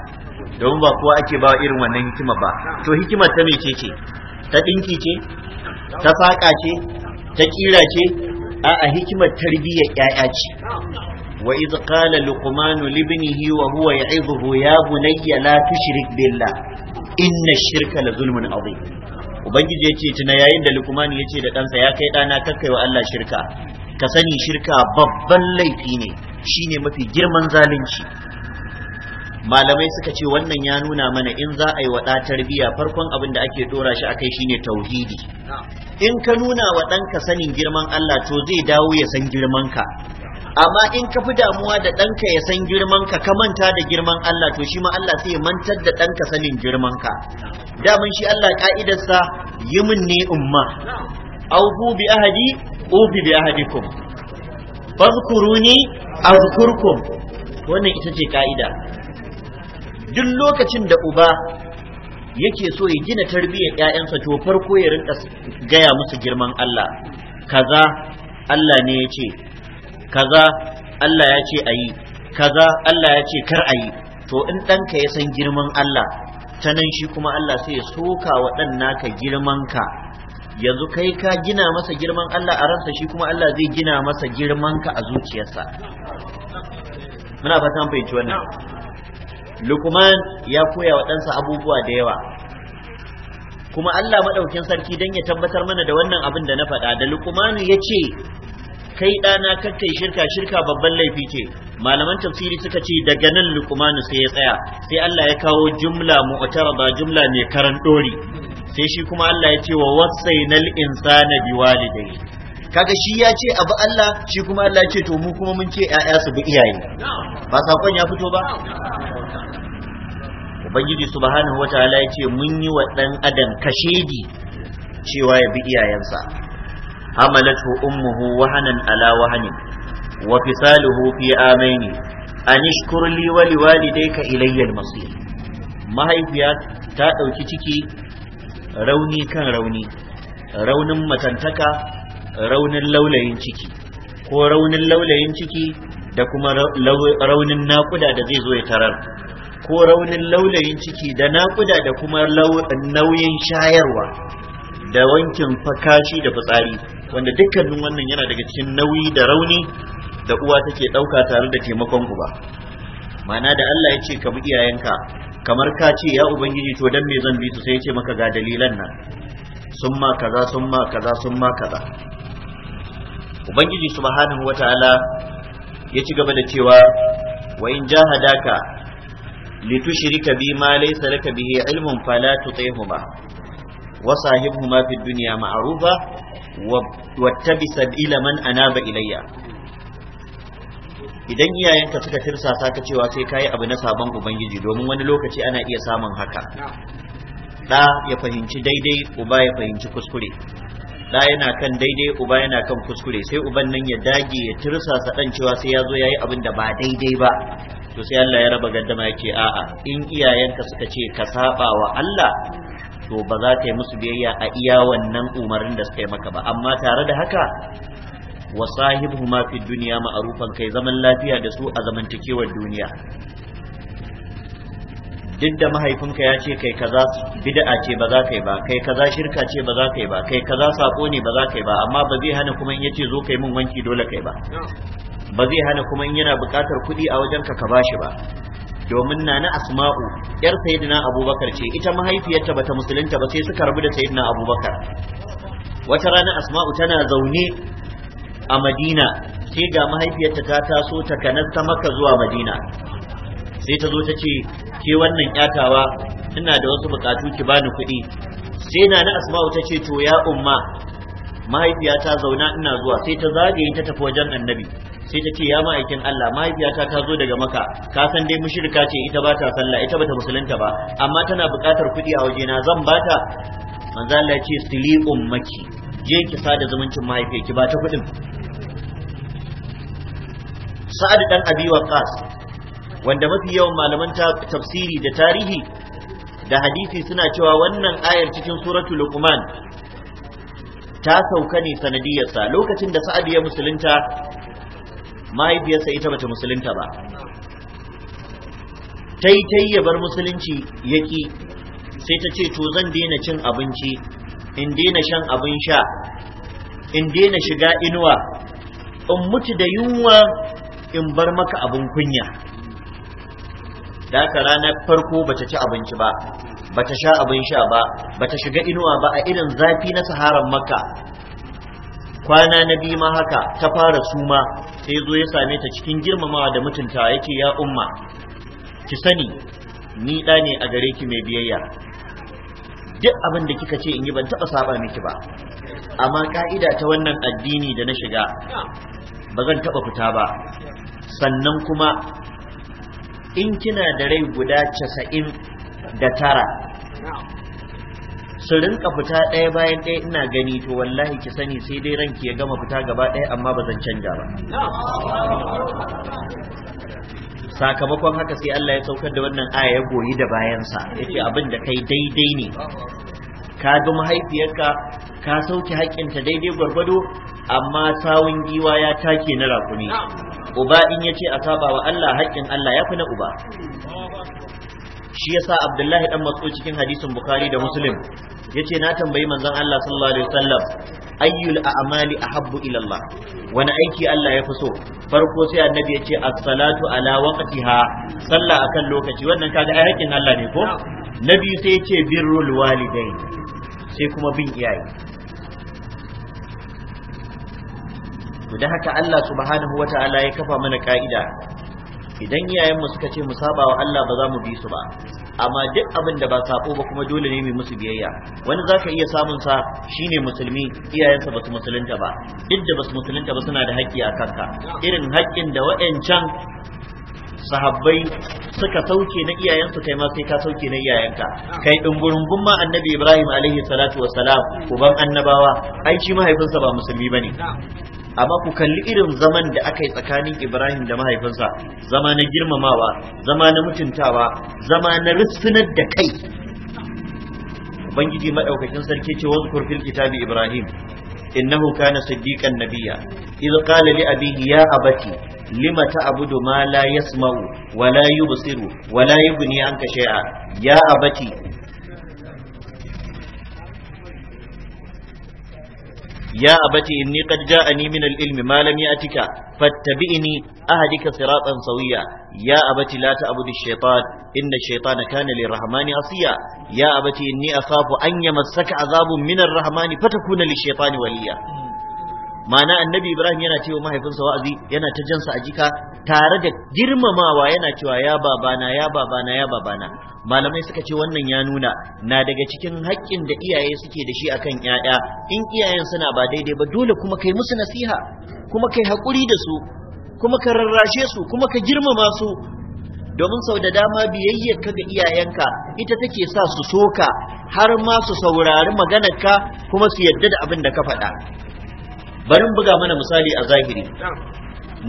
domin ba kowa ake ba irin wannan hikima ba to hikimar ta mece ce ta dinki ce ta saƙa ce ta kira ce a a hikimar tarbiyyar yaya ce wa iz qala luqman li ibnihi wa huwa ya'idhu ya bunayya la tushrik billah inna shirka la zulmun azim ubangiji ya ce tuna yayin da luqman ya ce da ɗansa ya kai ɗana kakkai wa Allah shirka ka sani shirka babban laifi ne shine mafi girman zalunci malamai suka ce wannan ya nuna mana in za a yi wa biya farkon abin da ake dora shi akai shine tauhidi in ka nuna wa ɗanka sanin girman Allah to zai dawo ya san girman ka amma in ka fi damuwa da ɗanka ya san girmanka ka manta da girman Allah to shi ma Allah sai ya mantar da ɗanka sanin girman ka daman shi Allah ka'idarsa yi min ne umma aufu bi ahadi ufi bi ahadikum fadhkuruni azkurkum wannan ita ce ka'ida duk lokacin da uba yake so ya gina tarbiyyar 'ya'yansa, to farko ya rinka gaya musu girman Allah kaza Allah ne ya ce kaza Allah ya ce ayi kaza Allah ya ce kar ayi to in ɗanka ya san girman Allah ta nan shi kuma Allah sai ya soka wa ɗan naka girman ka yanzu kai ka gina masa girman Allah a ransa shi kuma Allah zai gina masa girman ka a zuciyarsa muna fata fahimci wannan Lukman ya koya wa ɗansa abubuwa da yawa kuma Allah maɗaukin sarki don ya tabbatar mana da wannan abin da na faɗa da Lukmanu ya ce kai ɗana kakkai shirka shirka babban laifi ce malaman tafsiri suka ce daga nan Lukmanu sai ya tsaya sai Allah ya kawo jumla mu'tarada jumla mai karan ɗori sai shi kuma Allah ya ce wa wasainal insana biwalidayhi kaga shi ya ce abu Allah shi kuma Allah ce to mu kuma mun ce ƴaƴa su bi iyaye ba sakon ya fito ba ubangiji subhanahu wataala ya ce mun yi wa dan adam kashedi cewa ya bi iyayensa hamalatu ummuhu wahanan ala wahanin wa fisaluhu fi amaini an li wa liwalidayka ilayya almasir mahaifiya ta dauki ciki rauni kan rauni raunin matantaka raunin laulayin ciki ko raunin laulayin ciki da kuma raunin naƙuda da zai zo ya tarar ko raunin laulayin ciki da naƙuda da kuma nauyin shayarwa da wankin fakashi da fitsari wanda dukkanin wannan yana daga cikin nauyi da rauni da uwa take ɗauka tare da taimakon uba mana da Allah ya ce ka bi iyayenka kamar ka ce ya ubangiji to dan me zan bi su sai ya ce maka ga dalilan nan summa kaza summa kaza summa kaza ubangiji subhanahu wataala ya ci gaba da cewa wa in jahadaka litushrika bi ma laysa laka bihi ilmun fala tutihuma wa sahibhuma fid dunya ma'rufa wattabi sabila man anaba ilayya idan iyayenka suka tirsasa ka cewa sai yi abu na sabon ubangiji domin wani lokaci ana iya samun haka Da ya fahimci daidai uba ya fahimci kuskure da yana kan daidai uba yana kan kuskure sai uban nan ya dage ya sa dan cewa sai ya zo yayi abin da ba daidai ba to sai Allah ya raba gaddama yake a'a in iyayenka suka ce ka saba wa Allah to ba za ka yi musu biyayya a iya wannan umarnin da suka yi maka ba amma tare da haka wa sahibuhuma fi dunya ma'rufan kai zaman lafiya da su a zamantakewar duniya duk da mahaifinka ya ce kai kaza bid'a ce ba za ka ba kai kaza shirka ce ba za ka ba kai kaza sako ne ba za ka yi ba amma ba zai hana kuma in yace zo kai min wanki dole kai ba ba zai hana kuma in yana buƙatar kuɗi a wajen ka bashi ba domin na na asma'u yar sayyidina abubakar ce ita mahaifiyarta bata musulunta ba sai suka rabu da sayyidina abubakar wata rana asma'u tana zaune a madina sai ga mahaifiyarta ta taso ta kanasta ta maka zuwa madina sai ta zo ta ce ke wannan yatawa ina da wasu bukatu ki bani kuɗi sai na na asma'u ta ce to ya umma mahaifiyata zauna ina zuwa sai ta zagaye ta tafi wajen annabi sai ta ce ya ma'aikin Allah mahaifiyata ta zo daga maka ka san dai mushrika ce ita ba ta sallah ita ta musulunta ba amma tana bukatar kuɗi a waje na, zan bata manzo Allah ce sili ummaki je ki sada zumuncin mahaifiyarki ba ta kuɗin Sa'ad dan Abi waqas wanda mafi yawan malaman tafsiri da tarihi da hadisi suna cewa wannan ayar cikin suratu luqman ta sauka ne sanadiyarsa lokacin da sa'ad ya musulunta mahaifiyarsa ita bata musulunta ba tai tai ya bar musulunci yaki sai ta ce to zan daina cin abinci in daina shan abin sha in daina shiga inuwa in mutu da yunwa in bar maka abin kunya da haka ranar farko bata ci abinci ba bata sha abin sha ba bata shiga inuwa ba a irin zafi na saharan makka kwana na biyu ma haka ta fara suma sai zo ya same ta cikin girmamawa da mutunta yake ya umma ki sani ni ɗa ne a gare ki mai biyayya duk abin da kika ce in yi ban taɓa saba miki ba amma ka'ida ta wannan addini da na shiga ba zan taɓa fita ba sannan kuma in kina da rai guda casa'in da tara su rinka fita ɗaya bayan ɗaya ina gani to wallahi ki sani sai dai ranki ya gama fita gaba ɗaya amma ba zan canja ba sakamakon haka sai Allah ya saukar da wannan aya ya goyi da bayansa yace abin da kai daidai ne ka ga mahaifiyarka ka sauke haƙƙinta daidai gwargwado amma sawun giwa ya take na rakuni uba in yace a saba wa Allah haƙƙin Allah ya fi na uba shi yasa abdullahi dan matso cikin hadisin bukhari da muslim yace na tambayi manzon Allah sallallahu alaihi wasallam ayyul a'mali ahabbu ila Allah wani aiki Allah ya fi so farko sai annabi yace as-salatu ala waqtiha sallah akan lokaci wannan kaga ai haƙƙin Allah ne ko nabi sai yace birrul walidain sai kuma bin iyaye da haka Allah subhanahu wata'ala ya kafa mana ka'ida idan iyayenmu suka ce mu saba wa Allah ba za mu bi su ba amma duk abin da ba sabo ba kuma dole ne mu musu biyayya wani zaka iya samun sa shine musulmi iyayensa basu musulunta ba duk da basu musulunta ba suna da haƙƙi a kanka irin haƙƙin da waɗancan sahabbai suka sauke na iyayensu kai ma sai ka sauke na iyayenka kai dungurungun ma annabi ibrahim alaihi salatu wassalam uban annabawa ai shi mahaifinsa ba musulmi bane amma ku kalli irin zaman da aka yi tsakanin Ibrahim da mahaifinsa zama na girmamawa zama na mutuntawa zama na risfinar da kai ubangiji maɗaukacin sarki ce wasu kurfin kitabi Ibrahim innahu kana siddiqan nabiya idh qala li abihi ya abati lima ta'budu ma la yasma'u wa la yubsiru wa la yughni anka shay'a ya abati ya abati inni qad ja'ani min al-ilmi ma lam ya'tika fattabi'ni ahdika siratan sawiya ya abati la ta'budu ash-shaytan inna ash-shaytana kana lir a siya ya a abati inni akhafu an yamassaka azabun min ar-rahmani fatakuna lish-shaytani waliya ma'ana annabi ibrahim yana cewa mahaifinsa wa'azi yana ta jansa a jika tare da girmamawa yana cewa ya babana ya babana ya babana malamai suka ce wannan ya nuna na daga cikin haƙƙin da iyaye suke da shi akan ƴaƴa in iyayen suna ba daidai ba dole kuma kai musu nasiha kuma kai haƙuri da su kuma ka rarrashe su kuma ka girmama su domin sau da dama biyayyar ka ga iyayenka ita take sa su soka har ma su saurari maganarka kuma su yadda da abin da ka faɗa barin buga mana misali a zahiri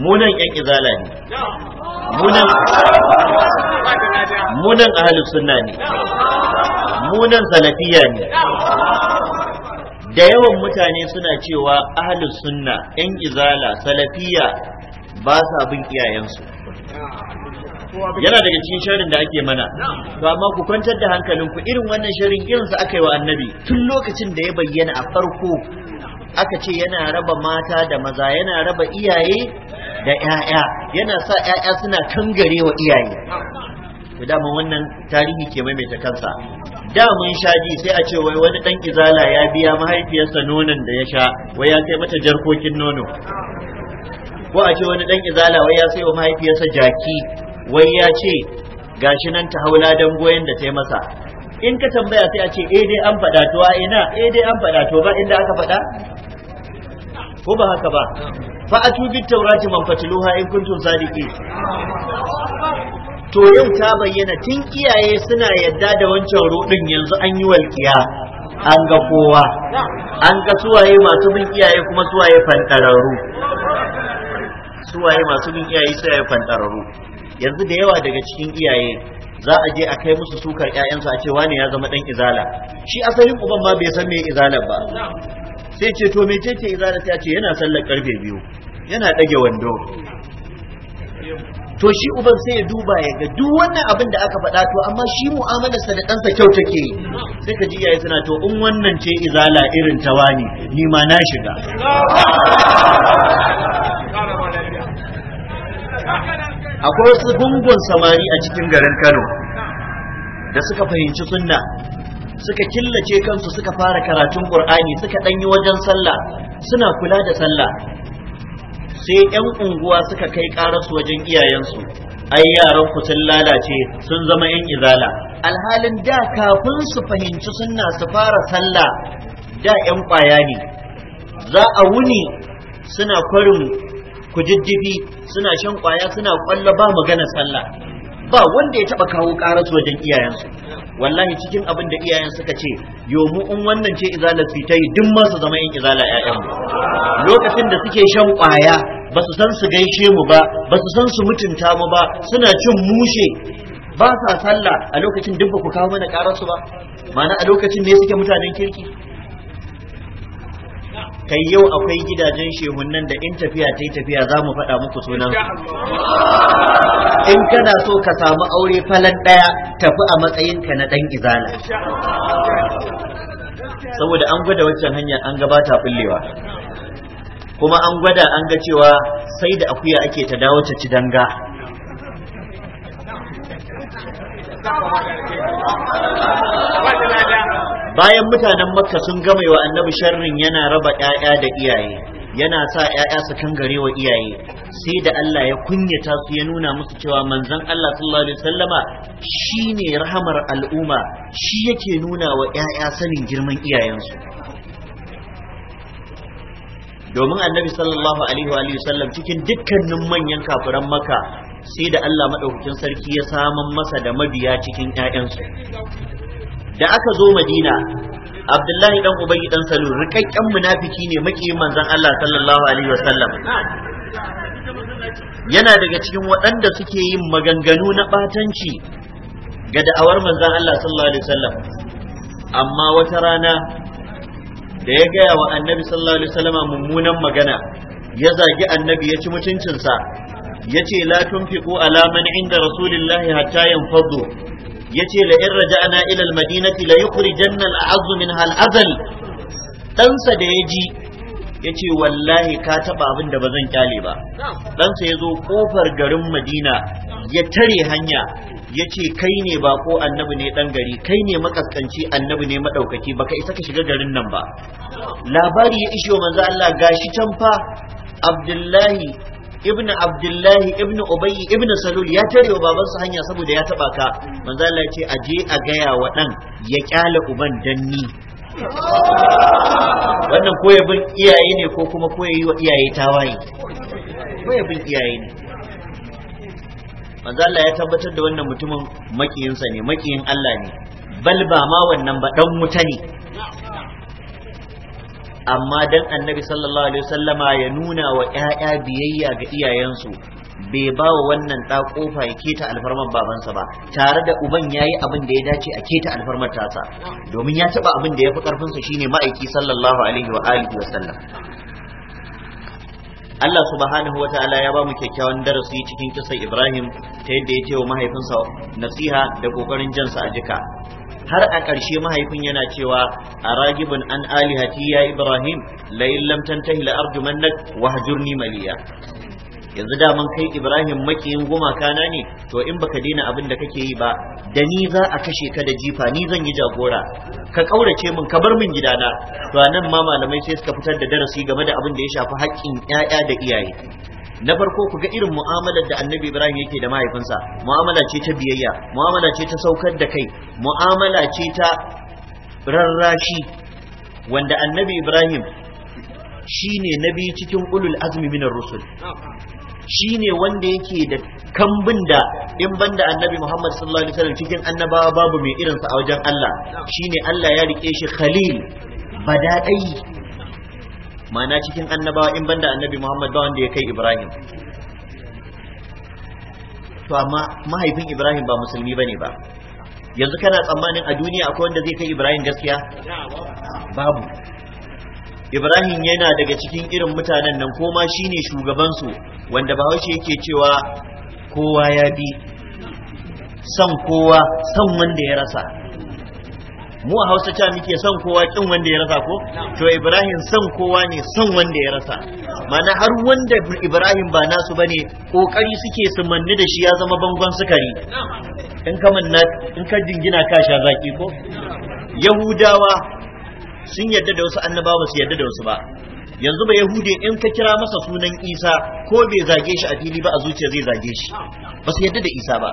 munan yan izala ne munan munan ahlus sunna ne munan salafiya ne da yawan mutane suna cewa ahlus sunna yan izala salafiya ba sa bin iyayensu yana daga cikin sharin da ake mana to amma ku kwantar da hankalinku irin wannan sharin irinsa aka yi wa annabi tun lokacin da ya bayyana a farko aka ce yana raba mata da maza yana raba iyaye da 'ya'ya yana sa 'ya'ya suna kangare wa iyaye to dama wannan tarihi ke maimaita kansa da mun sha ji sai a ce wai wani dan izala ya biya mahaifiyarsa nonon da ya sha wai ya kai mata jarkokin nono ko a ce wani dan izala wai ya sai wa mahaifiyarsa jaki wai ya ce gashi nan ta haula dan goyen da ta yi masa in ka tambaya sai a ce eh dai an faɗa to a ina eh dai an faɗa to ba inda aka faɗa ko ba haka ba fa atubi taurati man fatiluha in kuntum zaliki to yau ta bayyana tun iyaye suna yadda da wancan rodin yanzu an yi walƙiya an ga kowa an ga suwaye masu bin iyaye kuma suwaye fantararru suwaye masu bin iyaye suwaye fantararru yanzu da yawa daga cikin iyaye za a je a kai musu sukar ƴaƴansu a ce wani ya zama dan izala shi asalin uban ma bai san me izalar ba sai ce to ce izalar sai a ce yana sallar karfe biyu yana dage wando to shi uban sai ya duba ya ga duk wannan abin da aka faɗa to amma shi mu'amalar sa da ɗansa kyau take sai ka ji iyaye suna to in wannan ce izala irin ta wani ni ma na shiga akwai wasu gungun samari a cikin garin Kano da suka fahimci sunna suka killace kansu suka fara karatun Qur'ani suka danyi wajen sallah suna kula da sallah sai 'yan unguwa suka kai ƙararsu wajen iyayensu ai yaran ku sun lalace sun zama 'yan izala alhalin da kafin su fahimci sunna su fara sallah da 'yan ƙwaya ne za a wuni suna kwarin kujiddifi suna shan kwaya suna kwallo ba magana sallah ba wanda ya taba kawo karasu wajen iyayensu wallahi cikin abin da iyayen suka ce yomu in wannan ce izala su ta yi duk masu zama yin izala ƴaƴan lokacin da suke shan kwaya ba su san su gaishe mu ba ba su san su mutunta mu ba suna cin mushe ba sa sallah a lokacin duk ba ku kawo mana karasu ba Mana a lokacin ne suke mutanen kirki kai yau akwai gidajen shehunnan da in tafiya ta yi tafiya za mu faɗa muku sunan in kana so ka samu aure falan ɗaya tafi a matsayinka na ɗan izana. saboda an gwada waccan hanya an gabata bullewa kuma an gwada an ga cewa sai da akuya ake ta dawo ta ci danga bayan mutanen makka sun gama wa annabi sharrin yana raba ƴaƴa da iyaye yana sa ƴaƴa su kangare wa iyaye sai da Allah ya kunyata su ya nuna musu cewa manzon Allah sallallahu alaihi wasallama shine rahamar al'umma shi yake nuna wa ƴaƴa sanin girman iyayensu domin annabi sallallahu alaihi wa sallam cikin dukkanin manyan kafiran makka sai da Allah madaukakin sarki ya saman masa da mabiya cikin ƴaƴansu da aka zo madina abdullahi dan ubayi dan salul rikakken munafiki ne makiyin manzon Allah sallallahu alaihi wasallam yana daga cikin waɗanda suke yin maganganu na batanci ga da'awar manzon Allah sallallahu alaihi wasallam amma wata rana da ya gaya wa annabi sallallahu alaihi wasallam mummunan magana ya zagi annabi ya ci mutuncinsa ya ce la tunfiqu ala man inda rasulillahi hatta yanfadu yace la in raja'na ila al-madinati la yukhrijanna al-a'azzu minha al-azal ɗansa da ya ji yace wallahi ka taɓa abin da ba zan kyale ba ɗansa ya zo ƙofar garin madina ya tare hanya ya ce kai ne ba ko annabi ne ɗan gari kai ne makaskanci annabi ne maɗaukaki baka isa ka shiga garin nan ba labari ya ishe manzo Allah gashi can fa abdullahi ibnu abdullahi ibnu ubayyi ibnu salul ya tare wa babansa hanya saboda ya taba ka manzo Allah ya ce a je a gaya wa dan ya kyale uban danni wannan koya bin iyaye ne ko kuma koya yi wa iyaye tawaye koya bin iyaye ne manzo Allah ya tabbatar da wannan mutumin makiyinsa ne makiyin Allah ne bal ba ma wannan ba dan wuta ne amma dan annabi sallallahu alaihi wasallama ya nuna wa ƴaƴa biyayya ga iyayensu bai ba wa wannan ɗa kofa ya keta alfarmar babansa ba tare da uban yayi yi abin da ya dace a keta alfarmar tasa domin ya taɓa abin da ya fi sa shine ma'aiki sallallahu alaihi wa alihi wa Allah subhanahu wata'ala ya ba mu kyakkyawan darasi cikin kisan Ibrahim ta yadda ya ce wa mahaifinsa nasiha da kokarin jansa a jika har a ƙarshe mahaifin yana cewa a ragibin an alihati ya ibrahim la'in lam tantahi la arjumannak wahjurni maliya yanzu daman kai ibrahim makiyin gumaka na ne to in baka daina abin da kake yi ba da ni za a kashe ka da jifa ni zan yi jagora ka kaurace min ka bar min gidana to nan ma malamai sai suka fitar da darasi game da abin da ya shafi haƙƙin 'ya'ya da iyaye na farko ku ga irin mu'amalar da annabi ibrahim yake da mahaifinsa mu'amala ce ta biyayya mu'amala ce ta saukar da kai mu'amala ce ta rarrashi wanda annabi ibrahim shine nabi cikin ulul azmi minar rusul ne wanda yake da kambin da in banda annabi muhammad sallallahu alaihi wasallam cikin annabawa babu mai irinsa a wajen allah shine allah ya rike shi khalil Badaɗai. ma'ana cikin annabawa in banda annabi Muhammad ba wanda ya kai Ibrahim to amma mahaifin Ibrahim ba musulmi bane ba yanzu kana tsammanin a duniya akwai wanda zai kai Ibrahim gaskiya babu Ibrahim yana daga cikin irin mutanen nan ko ma shine shugaban su wanda Bahaushe yake cewa kowa ya bi san kowa san wanda ya rasa mu a hausa ta muke son kowa kin wanda ya rasa ko to ibrahim son kowa ne son wanda ya rasa mana har wanda ibrahim ba nasu bane kokari suke su manni da shi ya zama bangon sukari in ka manna in ka jingina ka sha zaki ko yahudawa sun yadda da wasu annabawa su yadda da wasu ba yanzu ba yahude in ka kira masa sunan isa ko bai zage shi a fili ba a zuciya zai zage shi ba su yadda da isa ba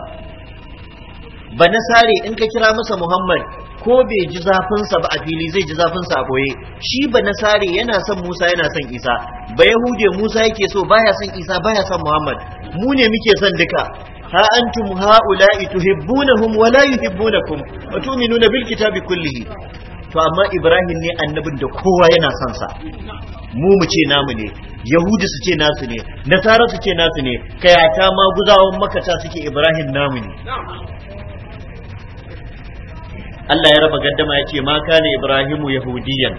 ba nasare in ka kira masa muhammad ko bai ji zafinsa ba a fili zai ji zafinsa a boye shi ba nasare yana son musa yana son isa ba yahude musa yake so baya son isa baya son muhammad mu ne muke son duka ha antum haula'i tuhibbunahum wa la yuhibbunakum wa tu'minuna bil kitabi kullihi to amma ibrahim ne annabin da kowa yana son sa mu mu ce namu ne yahudi su ce nasu ne nasara su ce nasu ne kayata ma guzawan makata suke ibrahim namu ne Allah ya raba gaddama ya ce ma kana Ibrahimu yahudiyan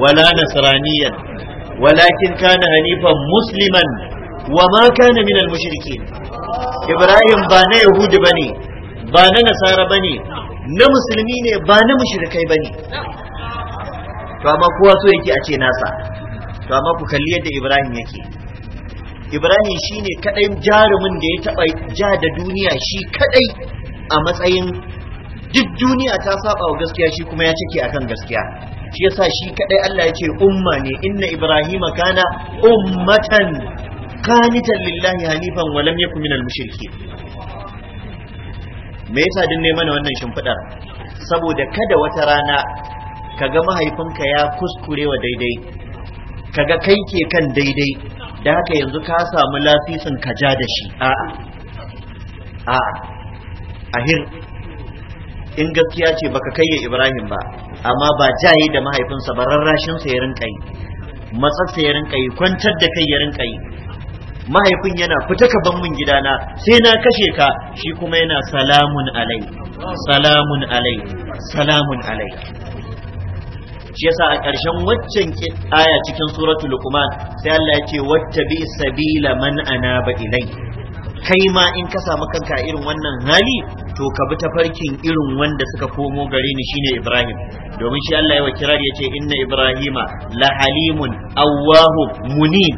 wala nasraniyan walakin kana hanifan musliman wa ma kana min al-mushrikin Ibrahim ba na yahudi bane ba na nasara bane na musulmi ne ba na mushrikai bane to amma kowa so yake a ce nasa to amma ku kalli yadda Ibrahim yake Ibrahim shine kadai jarumin da ya taba ja da duniya shi kadai a matsayin duk duniya ta saba wa gaskiya shi kuma ya cike akan gaskiya shi yasa shi kadai Allah ya ce umma ne inna ibrahima kana ummatan kanitan lillahi hanifan wa lam yakun minal mushrikin me yasa din ne mana wannan shimfidar saboda kada wata rana kaga mahaifinka ya kuskure wa daidai kaga kai ke kan daidai da haka yanzu ka samu lasisin ka ja da shi a'a a'a ahir in gaskiya ce baka ya Ibrahim ba amma ba jayi da mahaifinsa ba rarrashin sa ya rinka yi matsatsa ya rinka kwantar da kai ya rinka mahaifin yana fita ka ban min gidana sai na kashe ka shi kuma yana salamun alai salamun alai salamun alai shi yasa a ƙarshen waccan aya cikin suratul luqman sai Allah ya ce wattabi sabila man anaba ilai kai ma in ka samu kanka a irin wannan hali to ka bi ta farkin irin wanda suka komo gare ni shine Ibrahim domin shi Allah ya wa kirar yace inna Ibrahima la halimun awwahu munib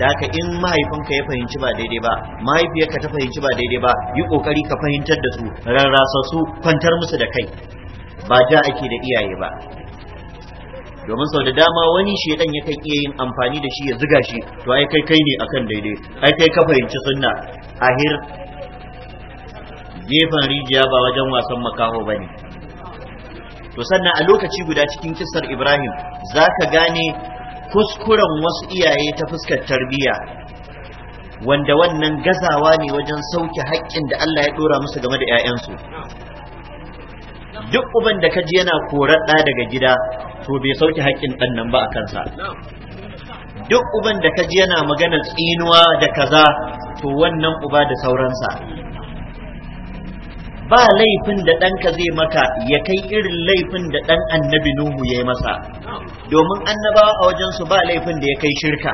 da ka in mahaifinka ya fahimci ba daidai ba mahaifiyarka ta fahimci ba daidai ba yi kokari ka fahimtar da su rarrasa su kwantar musu da kai ba ja ake da iyaye ba domin sau da dama wani shedan kan iya yin amfani da shi ya ziga shi to ai kai kai ne akan daidai ai kai ka fahimci sunna ahir gefen rijiya ba wajen wasan makaho bane to sannan a lokaci guda cikin kissar Ibrahim zaka gane kuskuren wasu iyaye ta fuskar tarbiyya wanda wannan gazawa ne wajen sauke haƙƙin da Allah ya ɗora musu game da 'ya'yansu duk uban da kaji yana korar daga gida to bai sauke haƙƙin ɗan nan ba a kansa duk uban da kaji yana magana tsinuwa da kaza to wannan uba da sauransa ba laifin da ɗanka zai maka ya kai irin laifin da ɗan annabi nuhu ya yi masa domin annabawa a wajen su ba laifin da ya kai shirka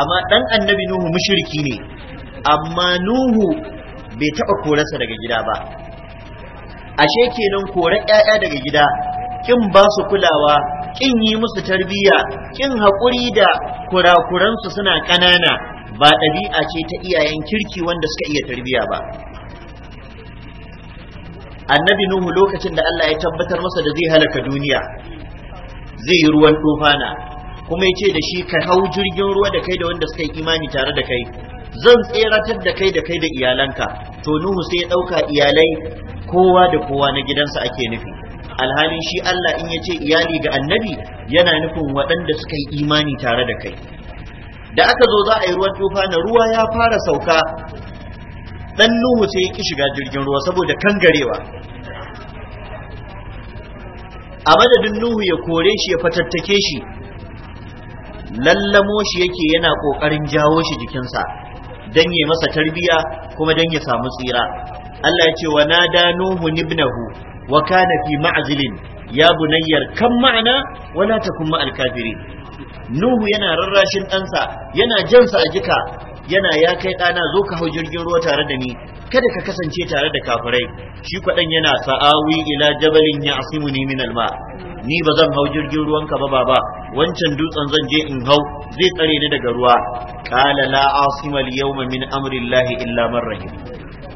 amma ɗan annabi nuhu mushirki ne amma nuhu bai taɓa korarsa daga gida ba ashe kenan kore ƴaƴa daga gida kin ba su kulawa kin yi musu tarbiyya kin haƙuri da kurakuransu suna ƙanana ba ɗabi'a ce ta iyayen kirki wanda suka iya tarbiyya ba annabi nuhu lokacin da Allah ya tabbatar masa da zai halaka duniya zai yi ruwan tufana kuma ya ce da shi ka hau jirgin ruwa da kai da wanda suka yi imani tare da kai zan tseratar da kai da kai da iyalanka to nuhu sai ya ɗauka iyalai kowa da kowa na gidansa ake nufi alhalin shi Allah in ya ce iyali ga annabi yana nufin waɗanda suka yi imani tare da kai da aka zo za a yi ruwan tufa na ruwa ya fara sauka ɗan nuhu sai ya ki shiga jirgin ruwa saboda kangarewa a madadin nuhu ya kore shi ya fatattake shi lallamo shi yake yana ƙoƙarin jawo shi jikinsa don ya masa tarbiya kuma don ya samu tsira Allah ya ce wa nada nuhu ibnahu wa kana fi ma'zilin ya bunayyar kan ma'ana wala takun ma'al kafirin nuhu yana rarrashin ɗansa yana jansa a jika yana ya kai ɗana zo ka hau jirgin ruwa tare da ni kada ka kasance tare da kafirai shi kwaɗan yana sa'awi ila jabalin ya asimuni min alma ni ba zan hau jirgin ruwanka ba baba wancan dutsen zan je in hau zai tsare ni daga ruwa qala la asimal yawma min amrillahi illa man rahim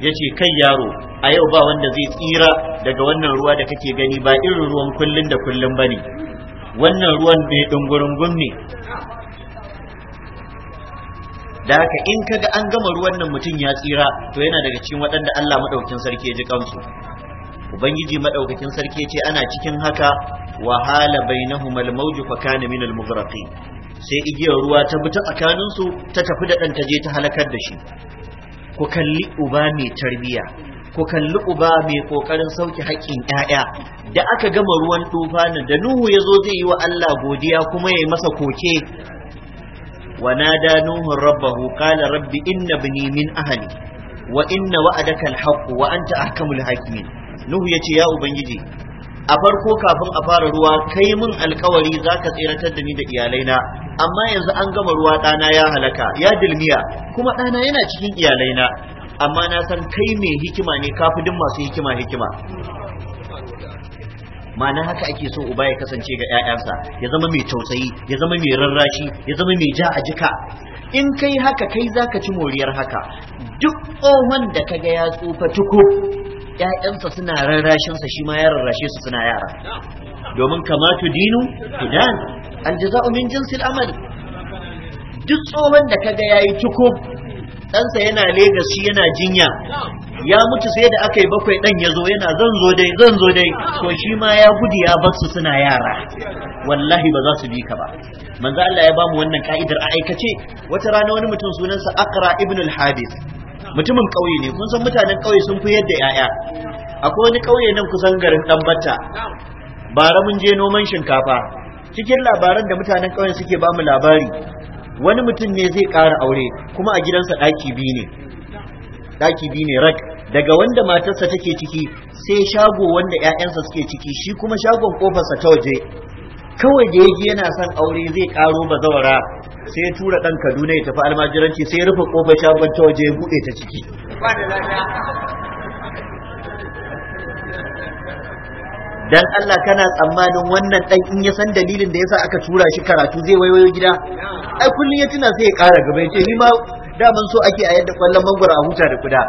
ya ce kai yaro a yau ba wanda zai tsira daga wannan ruwa da kake gani ba irin ruwan kullum da kullum ba ne wannan ruwan mai ɗungurungun ne da haka in kaga an gama ruwan nan mutum ya tsira to yana daga cikin waɗanda Allah maɗaukakin sarki ya ji kansu ubangiji maɗaukakin sarki ce ana cikin haka wahala bainahumal almawju fa kana min almughraqin sai igiyar ruwa ta bi ta tsakanin su ta tafi da ɗan ta je ta halakar da shi ku kalli uba mai tarbiya ku kalli uba mai kokarin sauke haƙƙin ƴaƴa da aka gama ruwan tufanin da nuhu ya zo zai yi wa Allah godiya kuma ya yi masa koke ونادى نوح ربه قال رب إن بني من أهلي وإن وعدك الحق وأنت أحكم الحاكمين نوح يتي يا أبنجي a farko kafin a fara ruwa kai mun alkawari za ka tseratar da ni da iyalaina amma yanzu an gama ruwa ɗana ya halaka ya dilmiya kuma ɗana yana cikin iyalaina amma na san kai mai hikima ne duk masu hikima hikima ma'ana haka ake so uba ya kasance ga 'ya'yansa ya zama mai tausayi ya zama mai rarrashi ya zama mai ja a jika in kai haka kai zaka ci moriyar haka duk tsohon da kaga ya tsufa tuko Ya'yansa suna rarrashinsa shi ma ya rarrashe su suna yara domin kama dinu tudan aljaza'u min jinsil amali duk tsohon da kaga yayi cuko ɗansa yana Legas shi yana jinya ya mutu sai da aka yi bakwai ɗan ya zo yana zan zo dai zan zo dai to shi ma ya gudu ya bar su suna yara wallahi ba za su bi ka ba manzo Allah ya bamu wannan ka'idar a aikace wata rana wani mutum sunansa akra ibn al-Hadith mutumin ƙauye ne kun san mutanen ƙauye sun fi yadda 'ya'ya akwai wani ƙauye nan kusan garin ɗan batta bara mun je noman shinkafa cikin labaran da mutanen ƙauyen suke ba mu labari wani mutum ne zai ƙara aure kuma a gidansa ɗaki biyu ne ɗaki biyu ne rak daga wanda matarsa take ciki sai shago wanda 'ya'yansa suke ciki shi kuma shagon kofarsa ta waje kawai da yake yana son aure zai karo bazawara sai ya tura ɗan Kaduna ya tafi almajiranci sai ya rufe kofar shagon ta waje ya bude ta ciki dan Allah kana tsammanin wannan dan in ya san dalilin da yasa aka tura shi karatu zai waiwayo gida ai kullun ya tuna sai ya kara gaba ya ce ni ma daman so ake a yadda kwallon mangwara a huta da kuda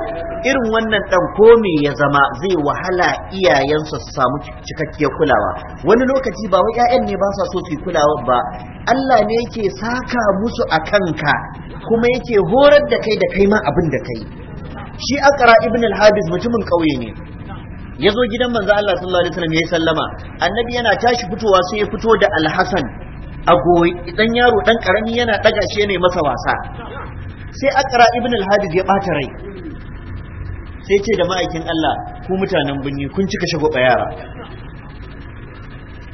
irin wannan dan me ya zama zai wahala iyayensa su samu cikakkiyar kulawa wani lokaci ba wai ƴaƴan ne ba sa so su kulawa ba Allah ne yake saka musu akan ka kuma yake horar da kai da kai ma abin da kai shi akara ibn al-habis mutumin kauye ne ya zo gidan manzo Allah sallallahu alaihi wasallam ya sallama annabi yana tashi fitowa sai ya fito da al-hasan a goyi dan yaro dan karami yana daga shi ne masa wasa sai akra ibn al-hadid ya bata rai sai ce da ma'aikin Allah ku mutanen binni kun cika shago yara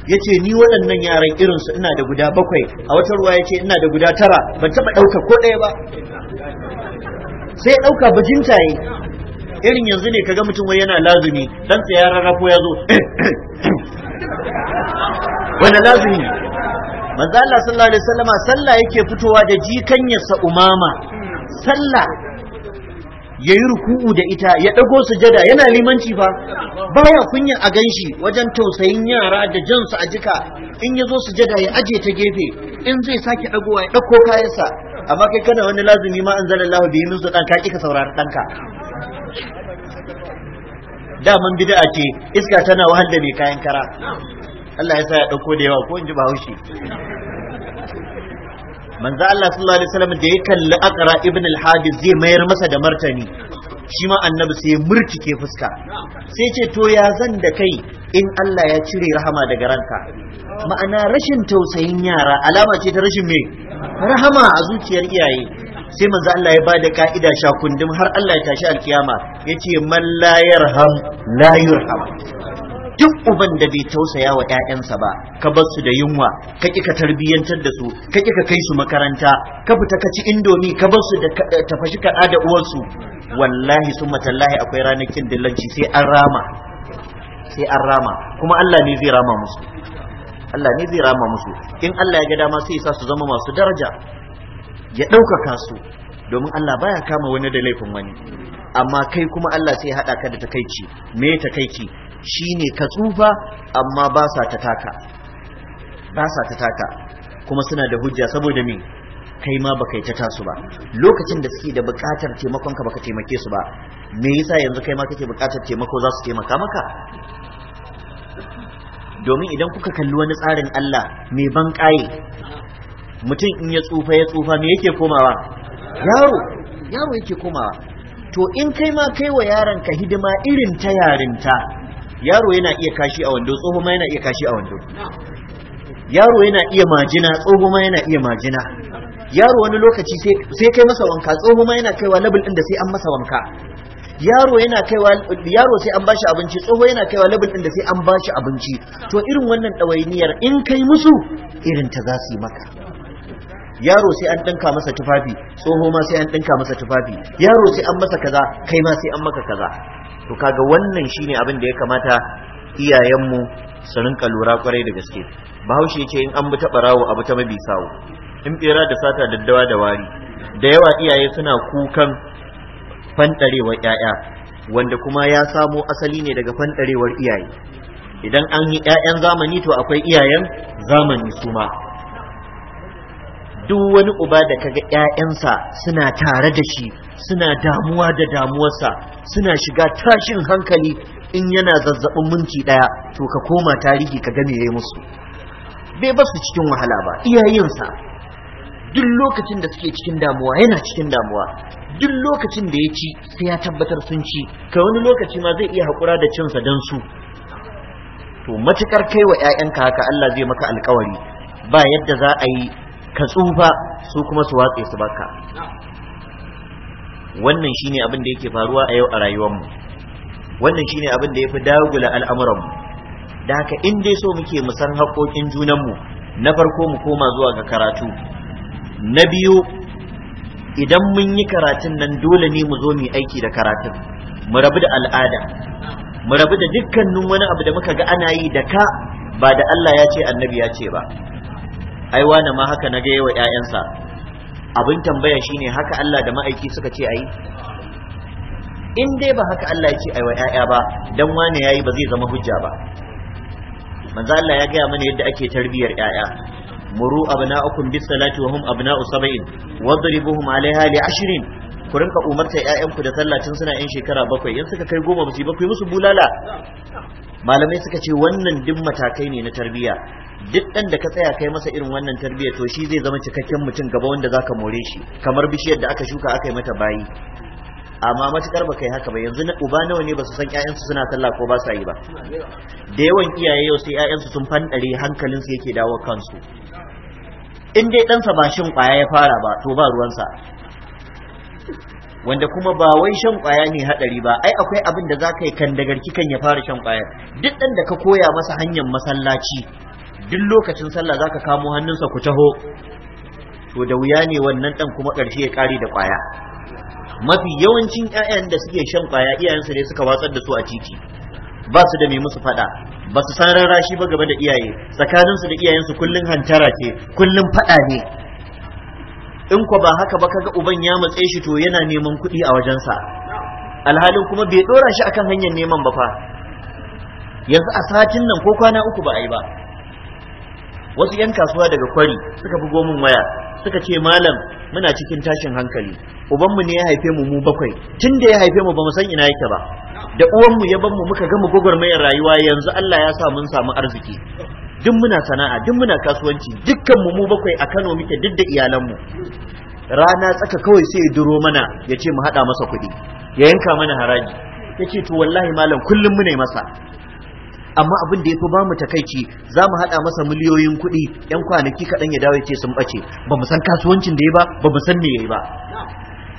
ya ce ni waɗannan yaran irinsu ina da guda bakwai a wata ruwa ya ce ina da guda tara ban taɓa ɗauka ko ɗaya ba sai ɗauka bajinta yi irin yanzu ne kaga mutum wai yana lazumi tsaye ya rafo ya zo wani lazumi manzo Allah sallallahu alaihi wasallama sallah yake fitowa da jikanyarsa umama sallah ya yi ruku'u da ita ya ɗago sujada yana limanci fa ya kunya a ganshi wajen tausayin yara da jansu a jika in ya zo sujada ya aje ta gefe in zai sake ɗagowa ya ɗauko kayansa amma kai kana wani lazumi ma an zalallahu bihi min sultan ka ka saurari ɗanka daman bid'a ce iska tana wahal da mai kayan kara Allah ya sa ya ɗauko da yawa ko in ji bahaushe manzo Allah sallallahu alaihi wasallam da ya kalli Aqra ibn al-Hadith zai mayar masa da martani shi ma annabi sai ya murtike fuska sai ce to ya zan da kai in Allah ya cire rahama daga ranka ma'ana rashin tausayin yara alama ce ta rashin me rahama a zuciyar iyaye sai manzo Allah ya bada ka'ida sha kundum har Allah ya tashi alkiyama yace man la yarham la yurham duk uban da bai tausaya wa ƴaƴansa ba ka bar su da yunwa ka ƙi ka tarbiyyantar da su ka ƙi ka kai su makaranta ka fita ka ci indomi ka bar su da tafashi kaɗa da uwarsu wallahi sun matallahi akwai ranakin dillanci sai an rama sai an rama kuma Allah ne zai rama musu Allah ne zai rama musu in Allah ya ga dama sai ya sa su zama masu daraja ya ɗaukaka su domin Allah baya kama wani da laifin wani amma kai kuma Allah sai ya haɗa ka da takaici me takaici shine ka tsufa amma ba sa ta taka ba sa ta taka kuma suna da hujja saboda me kai ma baka yi ta tasu ba lokacin da suke da bukatar taimakon ka baka taimake su ba me yasa yanzu kai ma kake bukatar taimako za su taimaka maka domin idan kuka kalli wani tsarin Allah mai ban kaye mutum in ya tsufa ya tsufa me yake komawa yaro yaro yake komawa to in kai ma kai wa yaron ka hidima irin ta yarinta yaro yana iya kashi a wando tsoho ma yana iya kashi a wando yaro yana iya majina tsoho ma yana iya majina yaro wani lokaci sai kai masa wanka tsoho ma yana kaiwa labul din da sai an masa wanka yaro yana kaiwa yaro sai an bashi abinci tsoho yana kaiwa labul din da sai an bashi abinci to irin wannan dawainiyar in kai musu irin ta za su yi maka yaro sai an dinka masa tufafi tsoho ma sai an dinka masa tufafi yaro sai an masa kaza kai ma sai an maka kaza to kaga wannan shine abin da ya kamata iyayenmu su rinka lura kwarai da gaske bahaushe ce in an bi ta barawo abu ta mabi sawo in bera da sata daddawa da wari da yawa iyaye suna kukan fanɗarewar 'ya'ya wanda kuma ya samo asali ne daga fanɗarewar iyaye idan an yi 'ya'yan zamani to akwai iyayen zamani suma. duk wani uba da kaga 'ya'yansa suna tare da shi suna damuwa da damuwarsa suna shiga tashin hankali in yana zazzabin minti ɗaya, to ka koma tarihi ka game yayi musu bai ba su cikin wahala ba iyayensa duk lokacin da suke cikin damuwa yana cikin damuwa duk lokacin da ya ci sai ya tabbatar sun ci ka wani lokaci ma zai iya haƙura da cinsa don su to matukar kai wa 'ya'yanka haka Allah zai maka alƙawari, ba yadda za a yi ka tsufa su kuma su watse su baka wannan shine abin da yake faruwa a yau a rayuwar mu. wannan shine abin da yafi dagula mu. da haka in dai so muke mu san haƙoƙin junanmu na farko mu koma zuwa ga karatu na biyu idan mun yi karatun nan dole ne mu zo mu aiki da karatun mu rabu da al'ada mu rabu da dukkanin wani abu da muka ga ana yi da ka ba da Allah ya ce annabi ya ce ba ai wani ma haka na gaya wa 'ya'yansa abin tambaya shine haka Allah da ma'aiki suka ce ayi in dai ba haka Allah ya ce 'ya'ya ba dan wani yayi ba zai zama hujja ba manzo Allah ya gaya mana yadda ake tarbiyar 'ya'ya muru abna'akum bis salati wa hum abna'u sab'in wadribuhum 'alayha li ashrin ku rinka umarta 'ya'yanku da sallah suna 'yan shekara bakwai in suka kai goma ba su bakwai musu bulala malamai suka ce wannan duk matakai ne na tarbiyya duk ɗan da ka tsaya kai masa irin wannan tarbiyya to shi zai zama cikakken mutum gaba wanda zaka more shi kamar bishiyar da aka shuka aka yi mata bayi amma matukar ba kai haka ba yanzu na uba nawa ne ba su san ƴaƴansu suna sallah ko ba sa yi ba da yawan iyaye yau sai ƴaƴansu sun fandare su yake dawo kansu in dai ɗansa ba shin ƙwaya ya fara ba to ba ruwansa wanda kuma ba wai shan kwaya ne hadari ba ai akwai abin da za ka yi kan dagarki kan ya fara shan kwaya duk ɗan da ka koya masa hanyar masallaci duk lokacin sallah za ka kamo hannunsa ku taho to da wuya ne wannan ɗan kuma ƙarshe ya ƙare da kwaya mafi yawancin 'ya'yan da suke shan kwaya iyayensu ne suka watsar da su a titi ba su da mai musu faɗa ba su san rarashi ba gaba da iyaye tsakaninsu da iyayensu kullum hantara ce kullum faɗa ne in ko ba haka ba kaga uban ya matse shi to yana neman kuɗi a wajensa alhalin kuma bai ɗora shi akan hanyar neman ba fa yanzu a satin nan ko kwana uku ba a yi ba wasu 'yan kasuwa daga kwari suka bugo min waya suka ce malam muna cikin tashin hankali ubanmu ne ya haife mu mu bakwai tunda ya haife mu ba mu san ina yake ba da uwanmu ya ban mu muka gama gwagwarmayar rayuwa yanzu Allah ya sa mun samu arziki duk muna sana'a duk muna kasuwanci dukkan mu mu bakwai a Kano muke duk da iyalanmu rana tsaka kawai sai ya duro mana ya ce mu haɗa masa kuɗi ya yanka mana haraji yace ce to wallahi malam kullum mu ne masa amma abin da ya fi bamu takaici za mu haɗa masa miliyoyin kuɗi yan kwanaki kaɗan ya dawo ya ce sun bace ba mu san kasuwancin da ya ba ba mu san me ya yi ba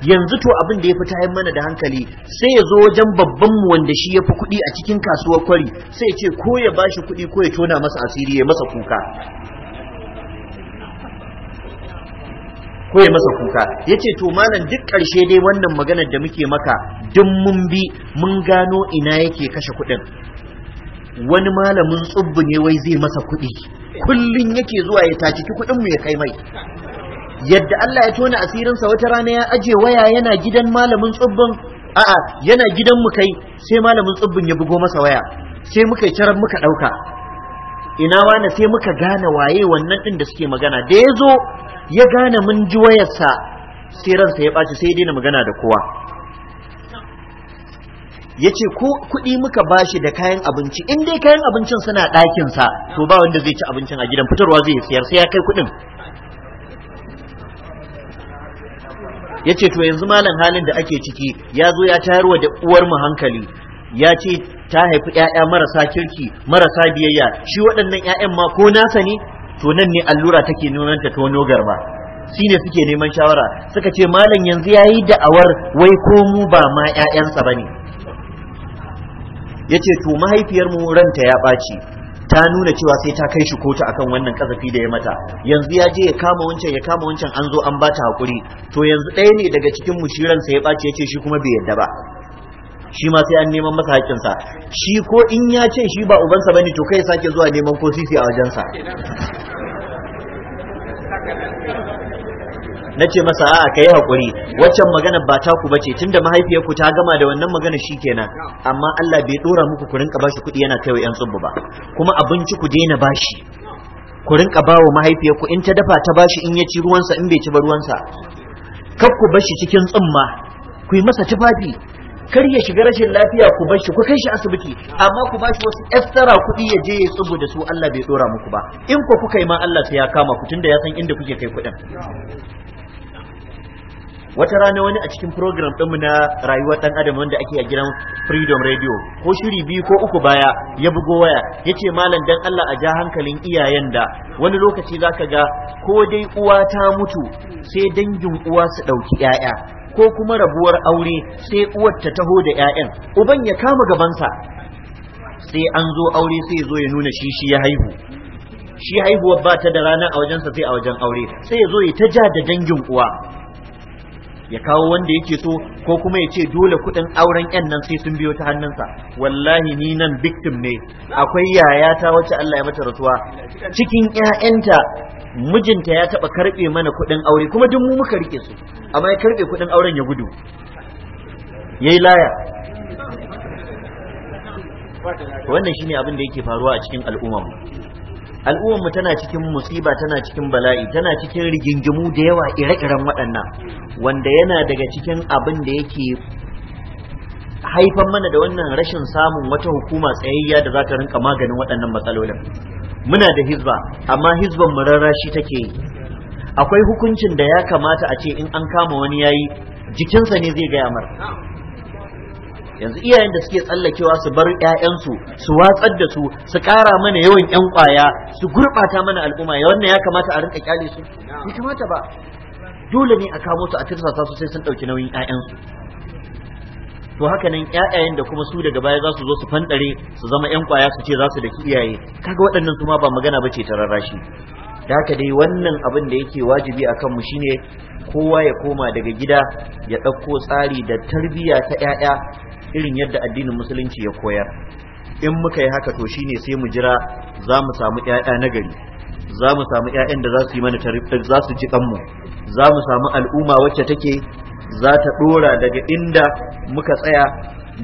yanzu to abin da ya fi yin mana da hankali sai ya zo wajen babban mu wanda shi ya fi kuɗi a cikin kasuwar kwari sai ya ce ko ya bashi kuɗi ko ya tona masa asiri ya masa kuka ko ya masa kuka ya ce to malam duk ƙarshe dai wannan maganar da muke maka duk mun bi mun gano ina yake kashe kuɗin wani malamin tsubbu ne wai zai masa kuɗi kullum yake zuwa ya taci kuɗin mu ya kai mai yadda Allah ya tona asirinsa wata rana ya aje waya yana gidan malamin tsubbin a'a yana gidan mu kai sai malamin tsubbin ya bugo masa waya sai muka yi muka ɗauka ina wani sai muka gane waye wannan din da suke magana da ya zo ya gane mun ji wayarsa sai ransa ya ɓaci sai ya daina magana da kowa ya ce ko kuɗi muka ba shi da kayan abinci in dai kayan abincin suna ɗakinsa to ba wanda zai ci abincin a gidan fitarwa zai siyar sai ya kai kuɗin yace to yanzu malam halin da ake ciki ya zo ya tayarwa da uwar mu hankali ya ce ta haifi 'ya'ya marasa kirki marasa biyayya shi waɗannan 'ya'yan ma ko nasa ne to nan ne allura take nunan ta tono garba shine suke neman shawara suka ce malam yanzu yayi da'awar wai ko mu ba ma ƴaƴansa bane yace to mahaifiyarmu mu ranta ya ɓaci ta nuna cewa sai ta kai shi kotu akan wannan kasafi da ya mata yanzu ya je ya kama wancan ya kama wancan an zo an ba ta hakuri to yanzu ɗaya ne daga cikin mushiran sa ya ɓaci ya ce shi kuma bai yadda ba shi ma sai an neman masa sa shi ko in ya ce shi ba ubansa bane to kai sake zuwa neman ko sisi a wajensa na ce masa a'a kai hakuri waccan magana ba ta ku bace tunda mahaifiyarku ta gama da wannan magana shikenan amma Allah bai dora muku ku rinka bashi kuɗi yana kaiwa yan tsubbu ba kuma abinci ku daina bashi ku rinka bawa mahaifiyarku in ta dafa ta bashi in ya ci ruwansa in bai ci ba ruwansa kar ku bashi cikin tsumma ku yi masa tufafi kar ya shiga rashin lafiya ku bashi, ku kai shi asibiti amma ku bashi wasu extra kuɗi ya je ya tsubu da su Allah bai dora muku ba in ku kuka yi ma Allah sai ya kama ku tunda ya san inda kuke kai kuɗin wata rana wani a cikin program ɗinmu na rayuwar ɗan adam wanda ake a gidan freedom radio ko shiri biyu ko uku baya ya bugo waya ya ce malam dan allah a ja hankalin iyayen da wani lokaci za ka ga ko dai uwa ta mutu sai dangin uwa su ɗauki 'ya'ya ko kuma rabuwar aure sai uwar ta taho da 'ya'yan uban ya kama gabansa sai an zo aure sai zo ya nuna shi shi ya haihu shi haihuwar ba ta da rana a wajensa sai a wajen aure sai ya zo ya ta ja da dangin uwa ya kawo wanda yake so ko kuma ya ce dole kuɗin auren yan nan sai sun biyo ta hannunsa wallahi ni nan victim ne akwai yayata wacce Allah ya mata rasuwa cikin ƴaƴanta mijinta ya taɓa karɓe mana kuɗin aure kuma duk mu muka rike su amma ya karɓe kuɗin auren ya gudu yayi laya wannan shine abin da yake faruwa a cikin al'umma al'ummar mu tana cikin musiba tana cikin bala'i tana cikin rigingimu da yawa ire-iren waɗannan wanda yana daga cikin abin da yake haifan mana da wannan rashin samun wata hukuma tsayayya da za ta rinka maganin waɗannan matsalolin muna da hizba amma hizban mu rarrashi take yi akwai hukuncin da ya kamata a ce in an kama wani yayi jikinsa ne zai gaya mar yanzu iyayen da suke tsallakewa su bar ƴaƴansu su watsar da su su ƙara mana yawan ƴan ƙwaya su gurɓata mana al'umma ya wannan ya kamata a rinka kyale su Ya kamata ba dole ne a kamo su a tirsasa su sai sun ɗauki nauyin ƴaƴansu to haka nan ƴaƴayen da kuma su daga baya za su zo su fanɗare su zama ƴan ƙwaya su ce za su daki iyaye kaga waɗannan su ma ba magana ba ce ta rarrashi da haka dai wannan abin da yake wajibi a kanmu shine kowa ya koma daga gida ya ɗauko tsari da tarbiyya ta 'ya'ya irin yadda addinin musulunci ya koyar in muka yi haka to shine sai mu jira za mu samu ƴaƴa na gari za mu samu ƴaƴan da za su yi mana tarifin za su ci kanmu za mu samu al'umma wacce take za ta dora daga inda muka tsaya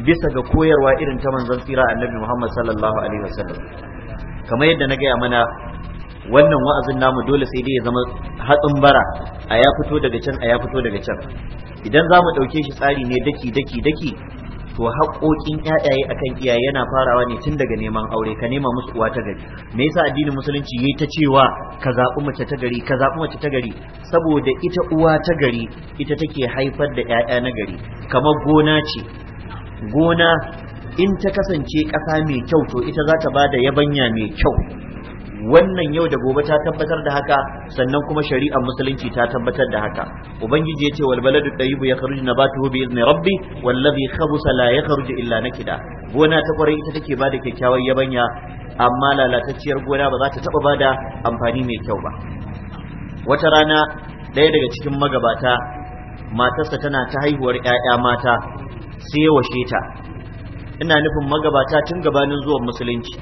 bisa ga koyarwa irin ta manzon tsira annabi Muhammad sallallahu alaihi wasallam kamar yadda na gaya mana wannan wa'azin namu dole sai dai ya zama hatsin bara a ya fito daga can a ya fito daga can idan za mu ɗauke shi tsari ne daki daki daki to haƙoƙin ƴaƴaye akan iyaye yana farawa ne tun daga neman aure ka nema musu uwa ta gari me yasa addinin musulunci yayi ta cewa ka zaɓi mace ta gari ka zaɓi mace ta gari saboda ita uwa ta gari ita take haifar da ƴaƴa na gari kamar gona ce gona in ta kasance ƙasa mai kyau to ita za ta ba da yabanya mai kyau wannan yau da gobe ta tabbatar da haka sannan kuma shari'ar musulunci ta tabbatar da haka ubangiji yace wal baladu tayyibu yakhruju nabatuhu bi izni rabbi wal ladhi khabusa la yakhruju illa nakida gona ta kwarai ita take bada kyakkyawar yabanya amma lalatacciyar gona ba za ta taba bada amfani mai kyau ba wata rana ɗaya daga cikin magabata matarsa tana ta haihuwar 'ya'ya mata sai washe ta ina nufin magabata tun gabanin zuwan musulunci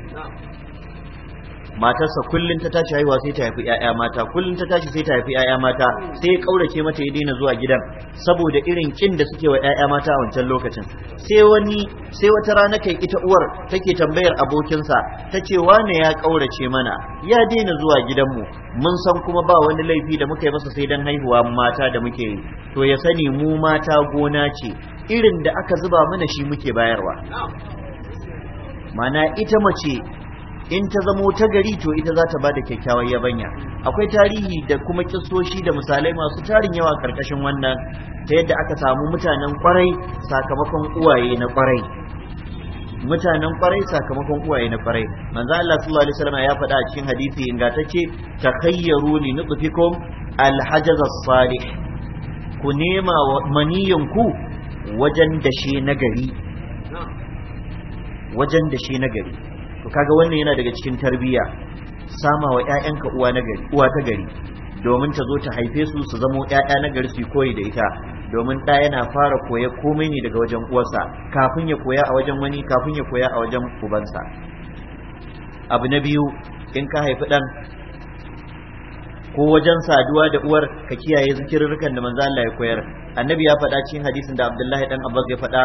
matarsa kullum ta tashi haihuwa sai ta haifi ƴaƴa mata Kullum ta tashi sai ta haifi ƴaƴa mata sai ya kaurace mata ya daina zuwa gidan saboda irin kin da suke wa ƴaƴa mata a wancan lokacin sai wani sai wata rana kai ita uwar take tambayar abokinsa ta tace wane ya kaurace mana ya daina zuwa gidanmu mun san kuma ba wani laifi da muka yi masa sai dan haihuwa mata da muke yi to ya sani mu mata gona ce irin da aka zuba mana shi muke bayarwa mana ita mace in ta zamo ta gari to ita za ta ba da kyakkyawar yabanya akwai tarihi da kuma kisoshi da misalai masu tarin yawa karkashin wannan ta yadda aka samu mutanen kwarai sakamakon uwaye na kwarai mutanen kwarai sakamakon uwaye na kwarai manzo Allah sallallahu alaihi wasallam ya faɗa a cikin hadisi ingantacce takhayyaru li nutfikum alhajaz as-salih ku nema maniyin ku wajen dashe nagari wajen dashe nagari kaga wannan yana daga cikin tarbiyya sama wa ƴaƴanka uwa na gari uwa ta gari domin ta zo ta haife su su zamo ƴaƴa na gari su koyi da ita domin ɗa yana fara koya komai ne daga wajen uwarsa kafin ya koya a wajen wani kafin ya koya a wajen ubansa abu na biyu in ka haifi ɗan ko wajen saduwa da uwar ka kiyaye zikirrukan da manzo Allah ya koyar annabi ya faɗa cikin hadisin da Abdullahi dan Abbas ya faɗa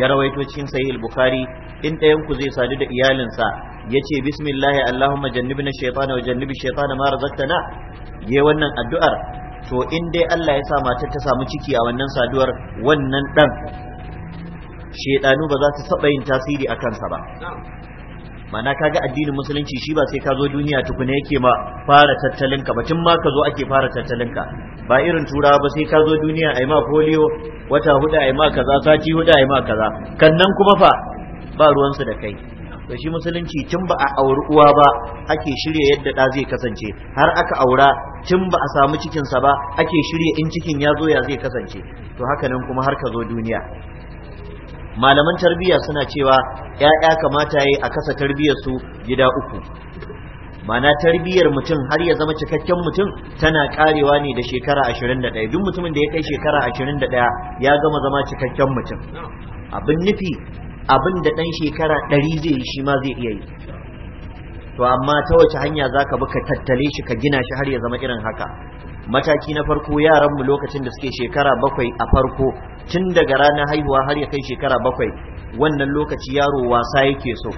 ya rawaito cikin sahih al-Bukhari in ɗayan ku zai sadu da iyalinsa yace bismillahi Allahumma jannibna shaytana wa jannibi shaytana ma razaqtana yayi wannan addu'ar to in dai Allah ya sa matar ta samu ciki a wannan saduwar wannan dan shedanu ba za su saba yin tasiri a kansa ba mana ka ga addinin musulunci shi ba sai ka zo duniya tukuna yake ma fara tattalin ka batun ma ka zo ake fara tattalin ka ba irin tura ba sai ka zo duniya a yi ma polio wata hudu yi ma kaza sati hudu yi ma kaza kannan kuma fa ba ruwan su da kai to shi musulunci tun ba a auri uwa ba ake shirya yadda da zai kasance har aka aura tun ba a samu cikinsa ba ake shirya in cikin ya zo ya zai kasance to haka nan kuma har ka zo duniya malaman tarbiyya suna cewa ‘ya'ya kamata yi a kasa tarbiyyarsu gida uku mana tarbiyyar mutum har ya zama cikakken mutum tana karewa ne da shekara 21 duk mutumin da ya kai shekara 21 ya gama zama cikakken mutum abin nufi abin da ɗan shekara 100 zai yi shi ma zai iya yi to amma ta wace hanya zaka ka bi ka tattale shi ka gina shi har ya zama irin haka mataki na farko yaranmu lokacin da suke shekara bakwai a farko tun daga ranar haihuwa har ya kai shekara bakwai wannan lokaci yaro wasa yake so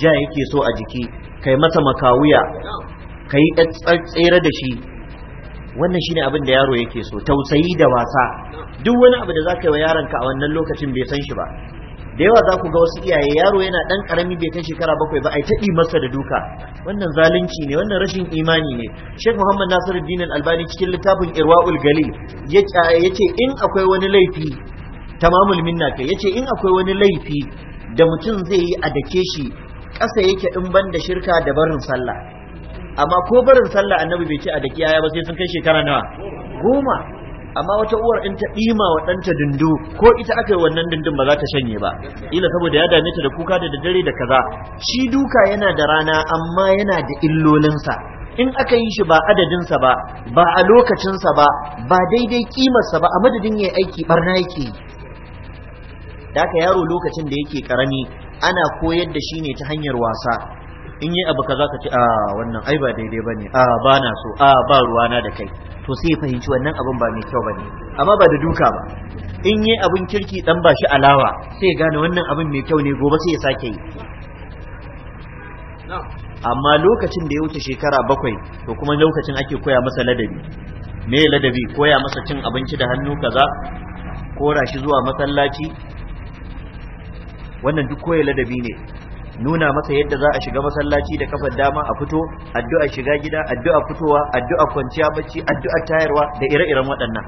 ja yake so a jiki kai masa makawuya kai tsere da shi wannan shine abin da yaro yake so tausayi da wasa duk wani abu da za ka yi wa yaranka a wannan lokacin bai san shi ba da yawa za ku ga wasu iyaye yaro yana dan karami bai kai shekara bakwai ba ai taɗi masa da duka wannan zalunci ne wannan rashin imani ne Sheikh Muhammad Nasiruddin Al-Albani cikin littafin Irwaul Galil yace in akwai wani laifi tamamul minna kai yace in akwai wani laifi da mutum zai yi a dake shi ƙasa yake in ban da shirka da barin sallah amma ko barin sallah annabi bai ce a dake yaya ba sai sun kai shekara nawa goma amma wata uwar in ta ɗima wa ɗanta dindu ko ita aka yi wannan dindin ba za ta shanye ba ila saboda ya dame ta da kuka da dare da kaza shi duka yana da rana amma yana da illolinsa in aka yi shi ba adadinsa ba ba a lokacinsa ba ba daidai kimarsa ba a madadin ya aiki barna yake yi da aka yaro lokacin da yake karami ana koyar da shi ne ta hanyar wasa in yi abu kaza ka ce a ah, wannan ai ba daidai ba ne a ah, ba na so a ah, ba ruwana da kai to sai ya fahimci wannan abin ba mai kyau bane amma ba da duka ba in yi abin kirki dan ba shi alawa sai ya gane wannan abin mai kyau ne gobe sai ya sake yi amma lokacin da ya wuce shekara bakwai to kuma lokacin ake koya masa ladabi me ladabi koya masa cin abinci da hannu kaza kora shi zuwa masallaci wannan duk koya ladabi ne nuna masa yadda za a shiga masallaci da kafar dama a fito addu'a shiga gida addu'a fitowa addu'a kwanciya bacci addu'a tayarwa da ire-iren waɗannan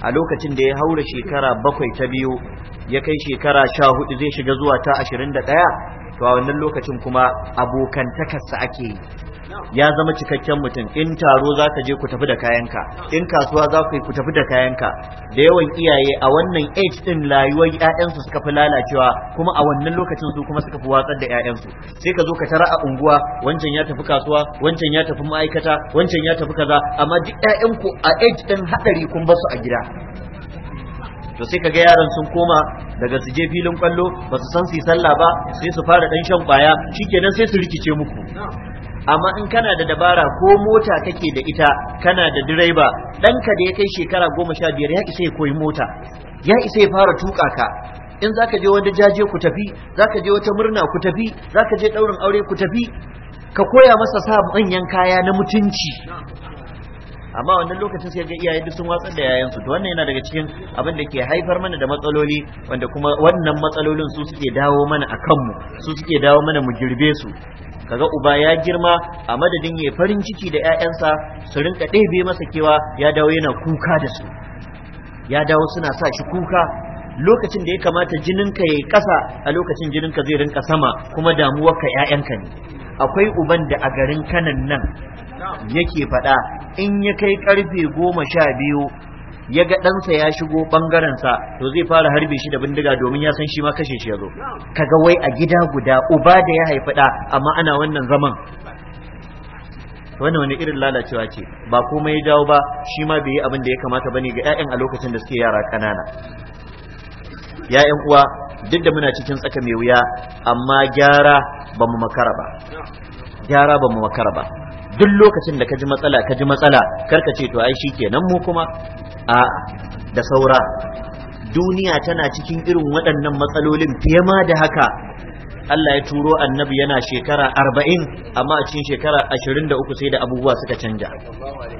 a lokacin da ya haura shekara bakwai ta biyu ya kai shekara sha hudu zai shiga zuwa ta ashirin da ɗaya to a wannan lokacin kuma abokantakarsa ake yi ya zama cikakken mutum in taro za ka je ku tafi da kayanka in kasuwa za ku yi ku tafi da kayanka da yawan iyaye a wannan age din layuwar ƴaƴansu suka fi lalacewa kuma a wannan lokacin su kuma suka fi watsar da ƴaƴansu sai ka zo ka tara a unguwa wancan ya tafi kasuwa wancan ya tafi ma'aikata wancan ya tafi kaza amma duk ƴaƴanku a age din hadari kun su a gida to sai kaga yaran sun koma daga su je filin kwallo ba su san su yi sallah ba sai su fara dan shan kwaya shikenan sai su rikice muku amma in kana da dabara ko mota kake da ita kana da direba ɗanka da ya kai shekara goma sha biyar ya isa ya koyi mota ya isa ya fara tuƙa ka in zaka je wani jaje ku tafi zaka je wata murna ku tafi zaka je ɗaurin aure ku tafi ka koya masa sa manyan kaya na mutunci amma wannan lokacin sai ga iyaye duk sun watsar da yayansu to wannan yana daga cikin abin da ke haifar mana da matsaloli wanda kuma wannan matsalolin su suke dawo mana a kanmu su suke dawo mana mu girbe su kaga uba ya girma a madadin ya farin ciki da 'ya'yansa su rinka ɗebe masa kewa ya dawo yana kuka da su ya dawo suna sa shi kuka lokacin da ya kamata jininka ya yi ƙasa a lokacin jininka zai rinka sama kuma damuwarka 'ya'yanka ne akwai uban da a garin kanan nan yake faɗa in ya kai karfe goma sha biyu ya ga ɗansa ya shigo ɓangarensa to zai fara harbe shi da bindiga domin ya san shi ma kashe shi ya zo kaga wai a gida guda uba da ya haifi ɗa amma ana wannan zaman wannan wani irin lalacewa ce ba komai ya dawo ba shi ma bai yi abin da ya kamata ba ne ga 'ya'yan a lokacin da suke yara ƙanana ya'yan uwa duk da muna cikin tsaka mai wuya amma gyara ba mu makara ba gyara ba mu makara ba duk lokacin da ka ji matsala ka ji matsala karka ce to ai shikenan mu kuma a da saura duniya tana cikin irin waɗannan matsalolin fiye ma da haka Allah ya turo annabi yana shekara arba'in amma a cikin shekara ashirin da uku sai da abubuwa suka canja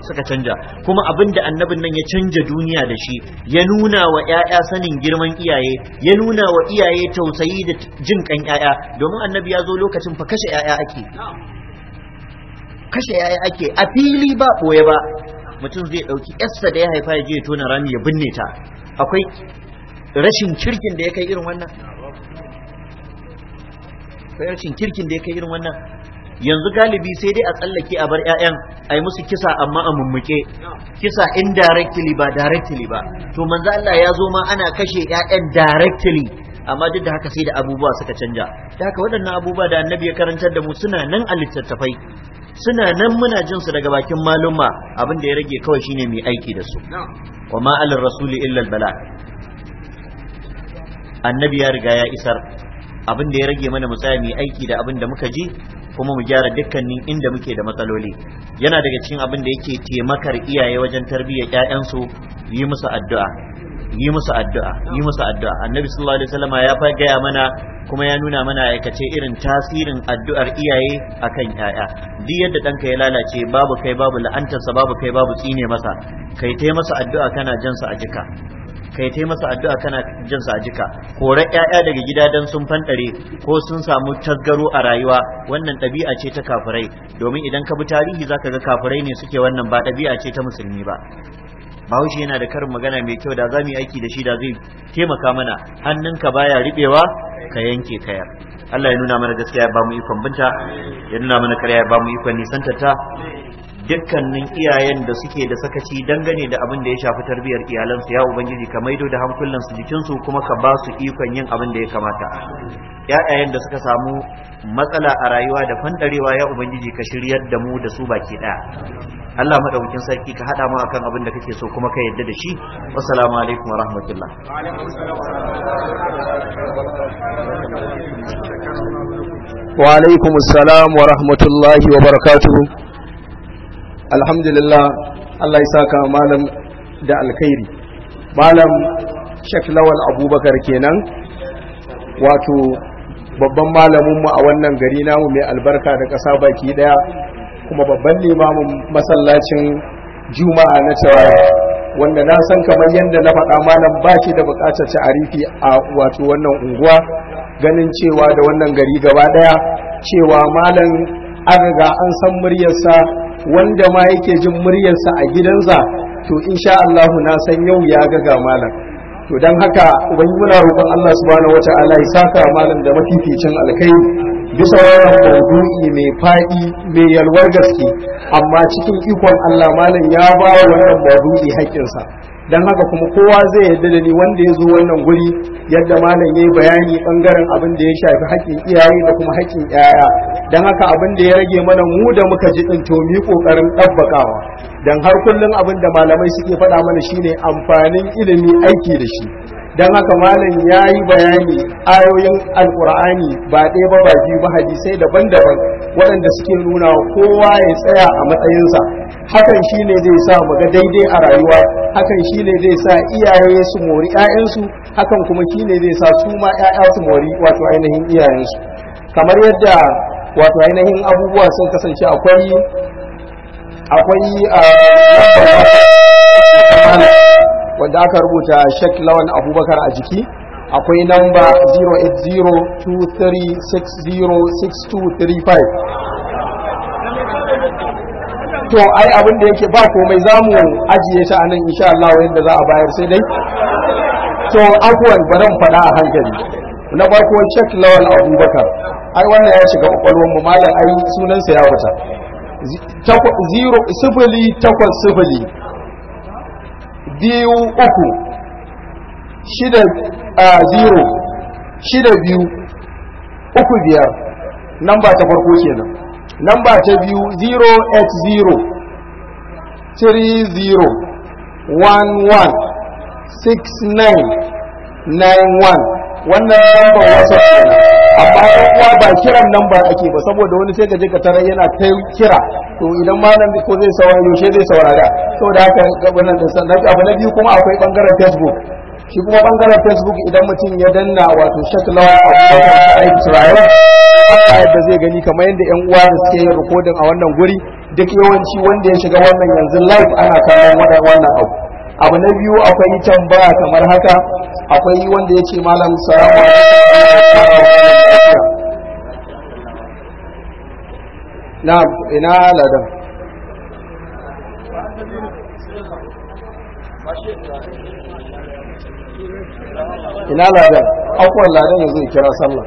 suka canja kuma abin da annabin nan ya canja duniya da shi ya nuna wa 'ya'ya sanin girman iyaye ya nuna wa iyaye tausayi da jin kan 'ya'ya domin annabi ya zo lokacin fa kashe 'ya'ya ake kashe yaya ake a fili ba boye ba mutum zai ɗauki yarsa da ya haifa ya je tona rami ya binne ta akwai rashin kirkin da ya kai irin wannan akwai rashin kirkin da ya kai irin wannan yanzu galibi sai dai a tsallake a bar 'ya'yan a yi musu kisa amma a mummuke kisa indirectly ba directly ba to manzo Allah ya zo ma ana kashe 'ya'yan directly amma duk da haka sai da abubuwa suka canja da haka waɗannan abubuwa da annabi ya karantar da mu suna nan a littattafai suna nan muna jin su daga bakin malumma abin da ya rage kawai shine mai aiki da su wa ma alar rasuli illa al bala annabi ya riga ya isar abin da ya rage mana mu tsaya mai aiki da abin da muka ji kuma mu gyara dukkanin inda muke da matsaloli yana daga cikin abin da yake taimakar iyaye wajen tarbiyyar ƴaƴansu yi musu addu'a yi musu addu'a yi musu addu'a annabi sallallahu alaihi wasallam ya fa gaya mana kuma ya nuna mana aikace irin tasirin addu'ar iyaye akan yaya duk yadda danka ya lalace babu kai babu la'antarsa babu kai babu tsine masa kai tai masa addu'a kana jansa a jika kai tai masa addu'a kana jin sa jika korar 'ya'ya daga gida dan sun fanɗare ko sun samu tasgaro a rayuwa wannan ɗabi'a ce ta kafirai domin idan ka bi tarihi zaka ga kafirai ne suke wannan ba ɗabi'a ce ta musulmi ba bahaushe yana da karin magana mai kyau da za mu yi aiki da shi da zai taimaka mana hannunka baya riɓewa ka yanke kayar Allah ya nuna mana gaskiya ya ba mu ikon binta ya nuna mana karya ya ba mu ikon nisantarta dukkanin iyayen da suke da sakaci dangane da abin da ya shafi tarbiyyar iyalansu ya ubangiji ka maido da hankulansu jikinsu kuma ka ba su ikon yin abin da ya kamata ƴaƴayen da suka samu matsala a rayuwa da fandarewa ya ubangiji ka shiryar da mu da su baki daya Allah madaukakin sarki ka hada mu akan abin da kake so kuma ka yarda da shi assalamu alaikum wa rahmatullah wa alaikum assalam wa rahmatullahi wa barakatuh alhamdulillah Allah ya saka malam da alkhairi malam Sheikh Lawal Abubakar kenan wato babban malaminmu a wannan gari namu mai albarka da ƙasa baki ɗaya kuma babban limamin masallacin juma'a na cewa wanda na san kamar yadda na faɗa malam ba shi da buƙatar arifi a wato wannan unguwa ganin cewa da wannan gari gaba ɗaya cewa malam an riga an san muryarsa wanda ma yake jin muryarsa a gidansa to insha Allahu na san yau ya ga ga malam to dan haka ubangiji muna roƙon Allah subhanahu wata'ala ya saka malam da mafificin alkai bisa wannan maudu'i mai faɗi mai yalwar gaske amma cikin ikon Allah malam ya ba wannan maudu'i haƙƙinsa don haka kuma kowa zai yarda da ni wanda ya zo wannan guri yadda malam ya yi bayani bangaren abin da ya shafi haƙƙin iyaye da kuma haƙƙin yaya don haka abin da ya rage mana mu da muka ji din to mu kokarin ɗabbakawa don har kullum abin da malamai suke faɗa mana shine amfanin ilimi aiki da shi don haka malam ya yi bayani ayoyin alkur'ani ba ɗaya ba ba biyu ba hadisai daban-daban waɗanda suke nuna kowa ya tsaya a matsayinsa hakan shine zai sa mu daidai a rayuwa hakan shine zai sa iyaye su mori 'ya'yansu hakan kuma shine zai sa su ma 'ya'ya su mori wato ainihin iyayensu kamar yadda wato ainihin abubuwa sun kasance akwai akwai a ah, wanda aka rubuta shek lawan abubakar a jiki akwai namba 08023606235 to ai abin da yake ba komai za mu ajiye shi a nan insha Allah yadda za a bayar sai dai to akwai baran faɗa a hankali na farko shek lawan abubakar ai wannan ya shiga kwakwalwar mu malam ai sunansa ya wata sifili takwas sifili biyu uku shida a zero shida biyu uku biyar nan ba ta farko kenan nan ba ta biyu one, six nine, nine one. wannan lambar a kuwa ba kiran nan ba ake ba saboda wani sai ka je ka yana ta kira to idan malam ko zai saurara yaushe zai saurara da haka wannan da sannan abu na biyu kuma akwai bangaren facebook shi kuma bangaren facebook idan mutum ya danna wato shaklawa a israel a yadda zai gani kamar yadda yan uwa da suke yin rikodin a wannan guri duk yawanci wanda ya shiga wannan yanzu live ana kallon wannan abu abu na biyu akwai can ba kamar haka akwai wanda ya ce malam salamu na ina ladan ina ladan akwai ladan yanzu kira sallah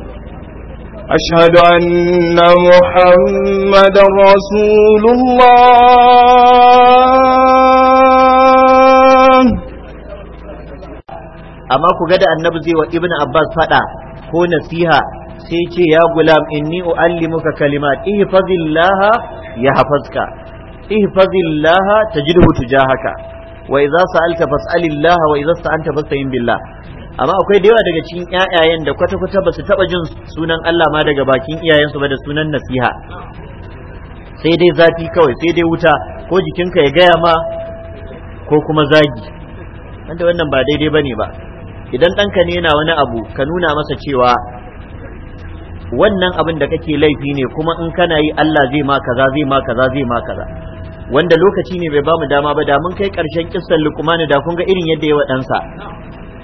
أشهد أن محمد رسول amma ku ga da annabi zai wa ibnu abbas fada ko nasiha sai ce ya gulam inni uallimuka kalimat ihfazillaha yahfazka ihfazillaha tajidhu tujahaka wa idza sa'alta fas'alillaha wa idza sa'anta fastain billah amma akwai da yawa daga cikin ƴaƴayen da kwata-kwata ba su taɓa jin sunan Allah ma daga bakin iyayensu ba da sunan nasiha sai dai zafi kawai sai dai wuta ko jikinka ya gaya ma ko kuma zagi wanda wannan ba daidai ba ne ba idan ɗanka ne yana wani abu ka nuna masa cewa wannan abin da kake laifi ne kuma in kana yi Allah zai ma kaza zai ma kaza zai ma kaza wanda lokaci ne bai ba mu dama ba da mun kai karshen kissan lukumani da kun ga irin yadda ya waɗansa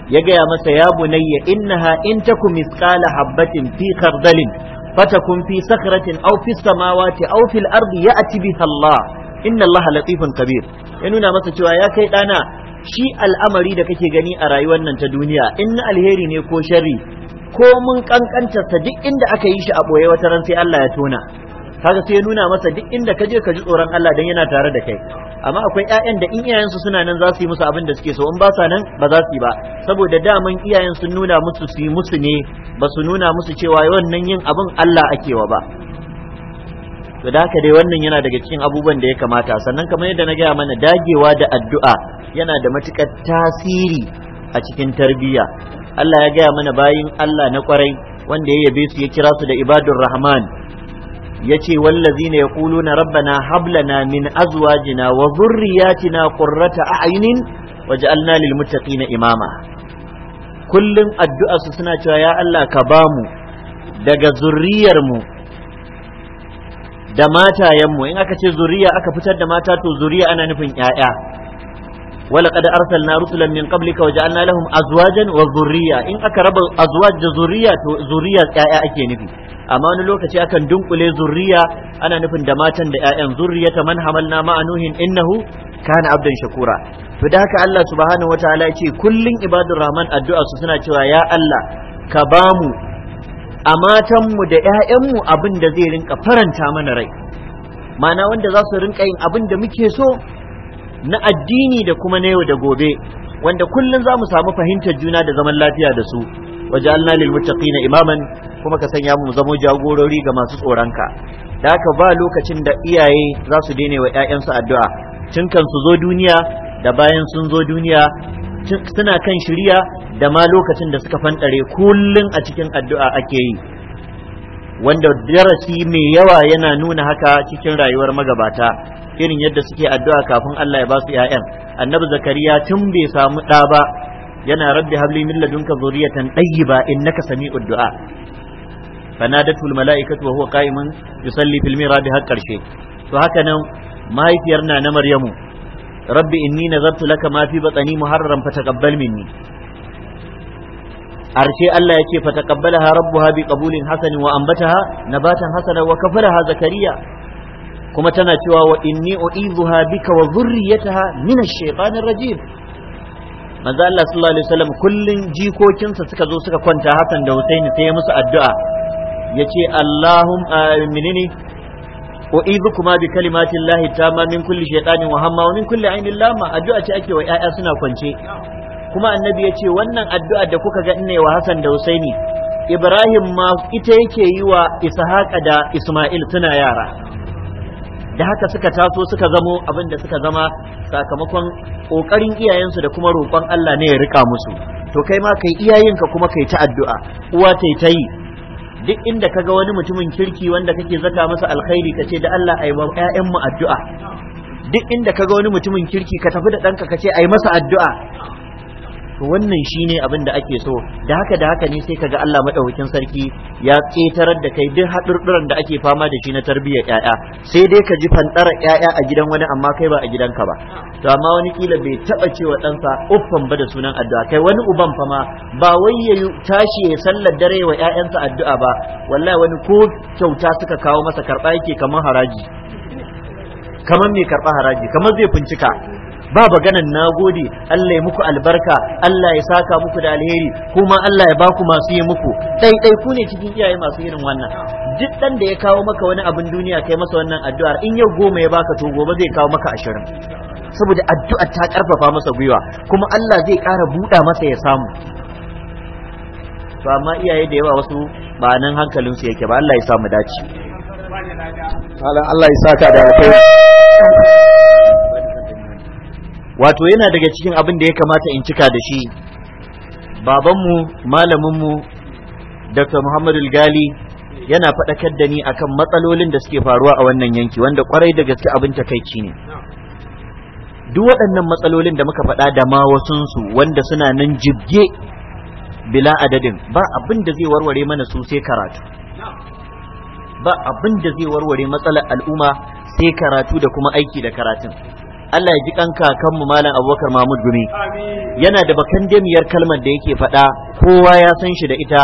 ya gaya masa ya bunayya innaha in taku misqala habbatin fi khardalin fatakun fi sakratin aw fi samawati aw fil ardi ya'ti biha Allah inna Allah latifun kabir ya nuna masa cewa ya kai dana shi al'amari da kake gani a rayuwar nan ta duniya in alheri ne ko sharri ko mun kankanta sa duk inda aka yi shi a boye wata ran sai Allah ya tona kaga sai ya nuna masa duk inda ka je ka ji tsoron Allah dan yana tare da kai amma akwai ƴaƴan da in iyayen su suna nan za su yi musu abin da suke so in ba sa nan ba za su yi ba saboda daman iyayen sun nuna musu su yi musu ne ba su nuna musu cewa wannan yin abin Allah ake wa ba to da haka dai wannan yana daga cikin abubuwan da ya kamata sannan kamar yadda na gaya mana dagewa da addu'a yana da matukar tasiri a cikin tarbiyya Allah ya gaya mana bayin Allah na kwarai wanda ya yabe su ya kira su da ibadur rahman yace wallazina yaquluna rabbana hab lana min azwajina wa dhurriyyatina qurrata a'yunin waj'alna lil muttaqina imama kullun addu'a su suna cewa ya Allah ka bamu daga zurriyar mu da matayen mu in aka ce zuriya aka fitar da mata to zuriya ana nufin 'ya'ya. Walaka da ولقد ارسلنا رسلا من قبلك وجعلنا لهم in aka raba اكرب da ذريه to ذريه ya'ya ake nufi amma wani lokaci akan dunkule zuriya ana nufin da matan da ƴaƴan zuriyata man hamalna ma anuhin innahu kana abdan shakura to da haka Allah subhanahu wataala yace kullum ibadur rahman addu'a su suna cewa ya Allah ka bamu a matanmu da ƴaƴanmu abin da zai rinka faranta mana rai ma'ana wanda za su rinka yin abin da muke so na addini da kuma na yau da gobe wanda kullum za mu samu fahimtar juna da zaman lafiya da su waje alna lil muttaqina imaman kuma ka sanya mu zamo jagorori ga masu tsoronka da haka ba lokacin da iyaye za su daina wa 'ya'yansu addu'a tun kan su zo duniya da bayan sun zo duniya suna kan shirya da ma lokacin da suka fanɗare kullum a cikin addu'a ake yi wanda darasi mai yawa yana nuna haka cikin rayuwar magabata irin yadda suke addu'a kafin Allah ya ba su ƴaƴan annabi zakariya tun bai samu ɗa ba yana rabbi habli min ladunka zuriyatan tayyiba innaka sami'ud du'a fanadatu almala'ikatu wa huwa qa'imun yusalli fil mirad har karshe to haka nan mahaifiyar na na maryamu rabbi inni nazartu laka ma fi batni muharram fataqabbal minni arshe Allah ya ce fataqabbalaha rabbuha bi qabulin hasanin wa ambataha nabatan hasana wa kafalaha zakariya kuma tana cewa wa inni u'idhuha bika wa dhurriyyataha min ash-shaytanir rajim manzo Allah sallallahu alaihi wasallam kullun jikokinsa suka zo suka kwanta Hassan da Husaini sai ya musu addu'a yace Allahum u'idhu kuma bi kalimatin lahi tamma min kulli shaytanin wa hamma wa min kulli ainin lama addu'a ce ake wa 'ya'ya suna kwance kuma annabi yace wannan addu'a da kuka ga ne wa Hassan da Husaini Ibrahim ma ita yake yi wa Ishaq da Isma'il suna yara da haka suka taso suka zamo abin da suka zama sakamakon ƙoƙarin iyayensu da kuma roƙon Allah ne ya rika musu to kai ma kai iyayenka kuma kai ta addu'a uwa tai ta yi duk inda kaga wani mutumin kirki wanda kake zata masa alkhairi ka ce da Allah ai wa ƴaƴanmu addu'a duk inda kaga wani mutumin kirki ka tafi da ɗanka ka ce ai masa addu'a to wannan shine abin da ake so da haka da haka ne sai kaga Allah madaukakin sarki ya tsetar da kai duk haɗurɗuran da ake fama da shi na tarbiyyar yaya sai dai ka ji fantara yaya a gidan wani amma kai ba a gidan ka ba to amma wani kila bai taba cewa ɗansa uffan ba da sunan addu'a kai wani uban fa ma ba wai ya tashi ya sallar dare wa 'yayansa addu'a ba wallahi wani ko kyauta suka kawo masa karɓa yake kamar haraji kamar mai karɓa haraji kamar zai fincika ba ganin nagode Allah ya muku albarka Allah ya saka muku da alheri kuma Allah ya baku masu yi muku ɗaiɗai ku ne cikin iyaye masu irin wannan duk ɗan da ya kawo maka wani abin duniya kai masa wannan addu'ar in yau goma ya baka to gobe zai kawo maka ashirin saboda addu'a ta karfafa masa gwiwa kuma Allah zai ƙara buɗa masa ya samu to amma iyaye da yawa wasu ba nan hankalinsu yake ba Allah ya samu dace Allah ya saka da kai wato yana daga cikin abin da ya kamata in cika da shi babanmu malaminmu dr muhammadu gali yana faɗakar da ni akan matsalolin da suke faruwa a wannan yanki wanda kwarai da gaske abin takaici ne duk waɗannan matsalolin da muka faɗa da ma wasunsu wanda suna nan jibge bila adadin ba abin da zai warware mana su sai karatu ba abin da zai warware matsalar al'umma sai karatu da kuma aiki da karatun Allah ya ji kan kakanmu malam Abubakar Mahmud Gumi yana da bakan demiyar kalmar da yake faɗa kowa ya san shi da ita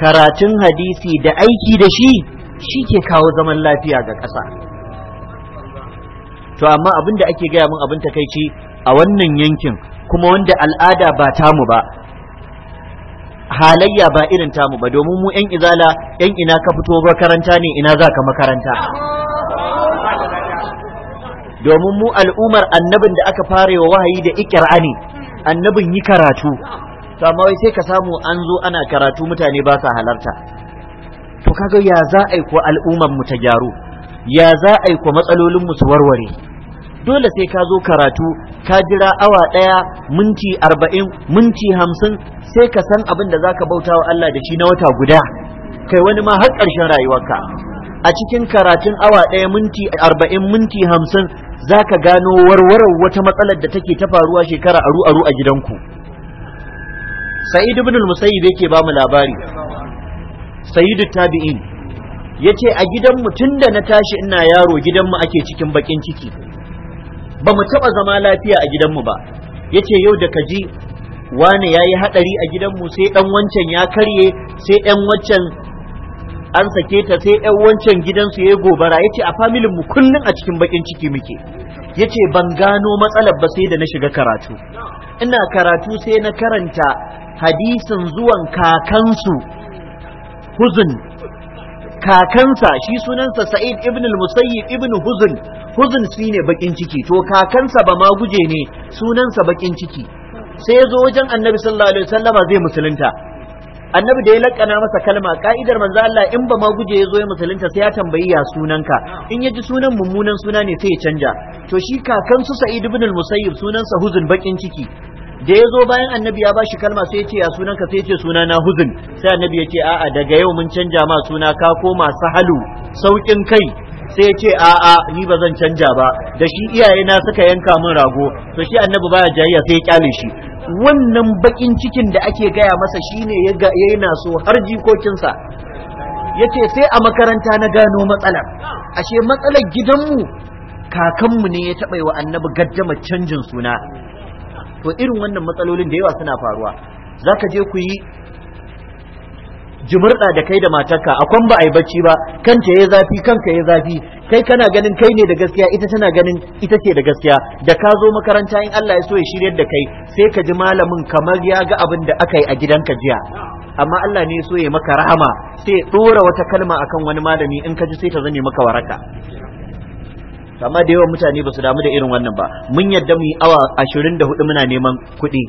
karatun hadisi da aiki da shi shi ke kawo zaman lafiya ga ƙasa to amma abin da ake gaya min abin takaici a wannan yankin kuma wanda al'ada ba tamu ba halayya ba irin tamu ba domin mu 'yan izala 'yan ina ka fito makaranta ne ina za ka makaranta domin mu al'umar annabin da aka fara wa wahayi da ikirani ani, annabin yi karatu to amma wai sai ka samu an zo ana karatu mutane ba sa halarta to kaga ya za a yi ko al'umar mu ta gyaru ya za a yi ko matsalolin mu su warware dole sai ka zo karatu ka jira awa ɗaya minti arba'in minti hamsin sai ka san abin da zaka bauta wa Allah da shi na wata guda kai wani ma har ƙarshen rayuwarka a cikin karatun awa ɗaya minti arba'in minti hamsin za ka gano warwarar wata matsalar da take ta faruwa shekara aru aru a gidanku Saidu ibn al-musayyib yake ba mu labari sayyidu tabi'in yace a gidanmu da na tashi ina yaro gidanmu ake cikin bakin ciki ba mu taɓa zama lafiya a gidanmu ba yace yau da kaji Wani ya yi haɗari a gidanmu sai ɗan wancan ya karye sai ɗan wancan an sake ta sai yan wancan gidansu ya gobara ya ce a familin mu kullum a cikin bakin ciki muke ya ce ban gano matsalar ba sai da na shiga karatu ina karatu sai na karanta hadisin zuwan kakansu huzun kakansa shi sunansa sa'id ibn al-musayyib ibn huzun huzun ne bakin ciki to kakansa ba ma guje ne sunansa bakin ciki sai ya zo wajen annabi sallallahu alaihi wasallama zai musulunta annabi da ya lakana masa kalma ka'idar manzo Allah in ba ma guje ya zo ya musulunta sai ya tambayi ya sunan ka. in ya ji sunan mummunan suna ne sai ya canja to shi kakan su Sa'id ibn al-Musayyib sunansa Huzun bakin ciki da ya zo bayan annabi ya ba shi kalma sai ya ce ya sunanka sai ya ce suna na Huzun sai annabi ya ce a'a daga yau mun canja ma suna ka koma Sahalu saukin kai sai ya ce a'a ni ba zan canja ba da shi iyaye na suka yanka min rago to shi annabi baya jayayya sai ya kyale shi wannan bakin cikin da ake gaya masa shine ya yana so har jikokinsa yace sai a makaranta na gano matsalar ashe matsalar gidanmu kakanmu ne ya taɓa wa annabi gaddama canjin suna to irin wannan matsalolin da yawa suna faruwa zaka je ku yi jimurɗa da kai da matarka a kwan ba a yi bacci ba kanta ya zafi kanka ya zafi kai kana ganin kai ne da gaskiya ita tana ganin ita ce da gaskiya da ka zo makaranta in Allah ya so ya shiryar da kai sai ka ji malamin kamar ya ga abin da aka yi a gidanka jiya amma Allah ne so ya maka rahama sai wata kalma akan wani malami in ka ji sai ta zame maka waraka amma da yawan mutane ba su damu da irin wannan ba mun yadda mu yi awa hudu muna neman kuɗi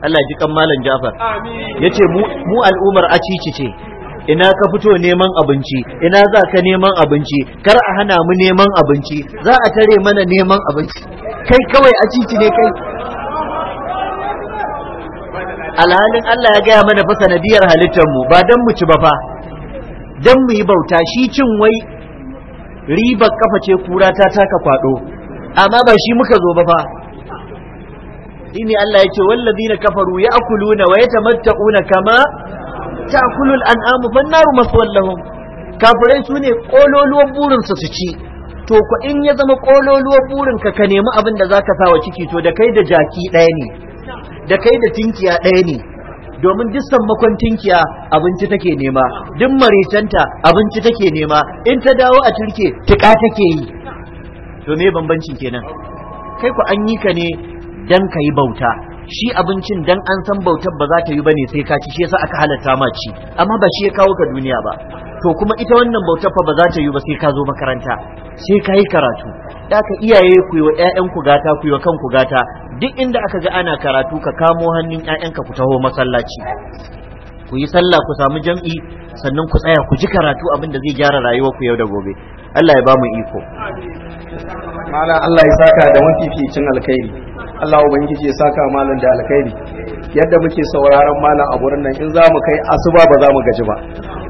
Allah ji kan malam Jafar yace mu mu al'umar acici ce ina ka fito neman abinci ina za ka neman abinci kar a hana mu neman abinci za a tare mana neman abinci kai kawai acici ne kai alhalin Allah ya gaya mana fa sanadiyar halittar mu ba dan mu ci ba fa dan mu yi bauta shi cin wai ribar kafa ce kura ta taka kwado amma ba shi muka zo ba fa shine Allah yake na kafaru ya'kuluna wa yatamatta'una kama ta'kulu al'amu fan naru maswallahum kafirai sune kololuwan burin su su ci to ko in ya zama kololuwan burin ka ka nemi abin da zaka sawa ciki to da kai da jaki ɗaya ne da kai da tinkiya ɗaya ne domin duk sammakon tinkiya abinci take nema duk maricanta abinci take nema in ta dawo a turke tuka take yi to me bambancin kenan kai ku an yi ka ne dan ka yi bauta shi abincin dan an san bautar ba za ta yi bane sai ka ci shi yasa aka halatta ma ci amma ba shi ya kawo ka duniya ba to kuma ita wannan bautar fa ba za ta yi ba sai ka zo makaranta sai ka yi karatu da ka iyaye ku yi wa ƴaƴanku gata ku yi wa kanku gata duk inda aka ga ana karatu ka kamo hannun ƴaƴanka ku taho masallaci ku yi sallah ku samu jam'i sannan ku tsaya ku ji karatu abin da zai gyara rayuwar ku yau da gobe Allah ya ba mu iko mala Allah ya saka da mafificin alkhairi Allah ubangiji ya saka malam da alkhairi yadda muke sauraron malam a gurin nan in za mu kai asuba ba za mu gaji ba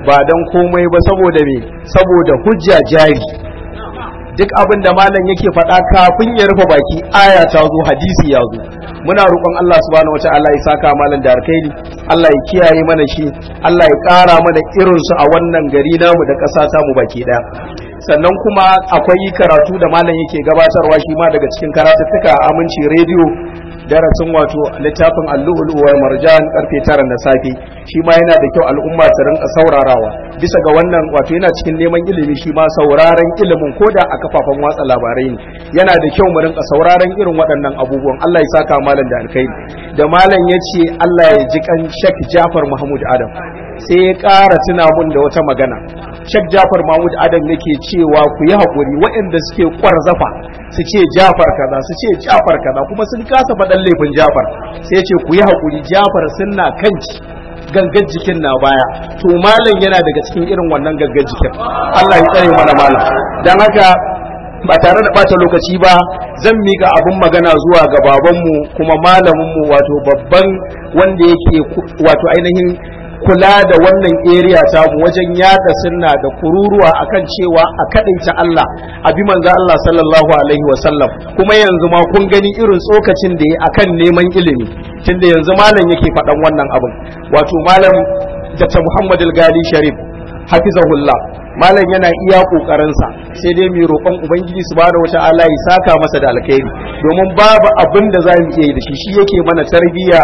ba dan komai ba saboda me saboda hujja jari duk abin da malam yake faɗa kafin ya rufe baki aya ta zo hadisi ya zo muna roƙon Allah subhanahu wataala ya saka malam da alkhairi Allah ya kiyaye mana shi Allah ya ƙara mana irinsu a wannan gari namu da ƙasa mu baki ɗaya sannan kuma akwai karatu da malam yake gabatarwa shi ma daga cikin karatuttuka a aminci rediyo darasin wato littafin allu'ulu wa marjan karfe tara na safe shi ma yana da kyau al'umma su rinka saurarawa bisa ga wannan wato yana cikin neman ilimi shi ma sauraron ilimin koda a kafafen watsa labarai ne yana da kyau mu rinka sauraron irin waɗannan abubuwan Allah ya saka malam da alkhairi da malam ya ce Allah ya ji kan Sheikh Jafar Mahmud Adam sai ya ƙara tuna mun da wata magana shek jafar mahmud adam yake cewa ku yi haƙuri waɗanda suke ƙwarzafa su ce jafar kaza su ce jafar kaza kuma sun kasa faɗan laifin jafar sai ya ce ku yi haƙuri jafar sun na kanci gangan jikin na baya to malam yana daga cikin irin wannan gangan jikin Allah ya tsare mana malam dan haka ba tare da ɓata lokaci ba zan mika abin magana zuwa ga babanmu kuma malaminmu wato babban wanda yake wato ainihin kula da wannan area ta wajen yada sunna da kururuwa akan cewa a kadaita Allah abi manzo Allah sallallahu alaihi wasallam kuma yanzu ma kun gani irin tsokacin da ya akan neman ilimi tunda yanzu malam yake faɗan wannan abin wato malam da ta Muhammad al-Gali Sharif hafizahullah malam yana iya kokarinsa sai dai mai roƙon ubangiji subhanahu wataala ya saka masa da alkhairi domin babu abin da za mu iya yi da shi shi yake mana tarbiyya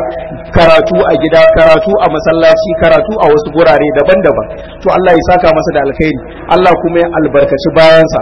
karatu a gida karatu a masallaci karatu a wasu gurare daban-daban to Allah ya saka masa da alkhairi Allah kuma ya albarkaci bayansa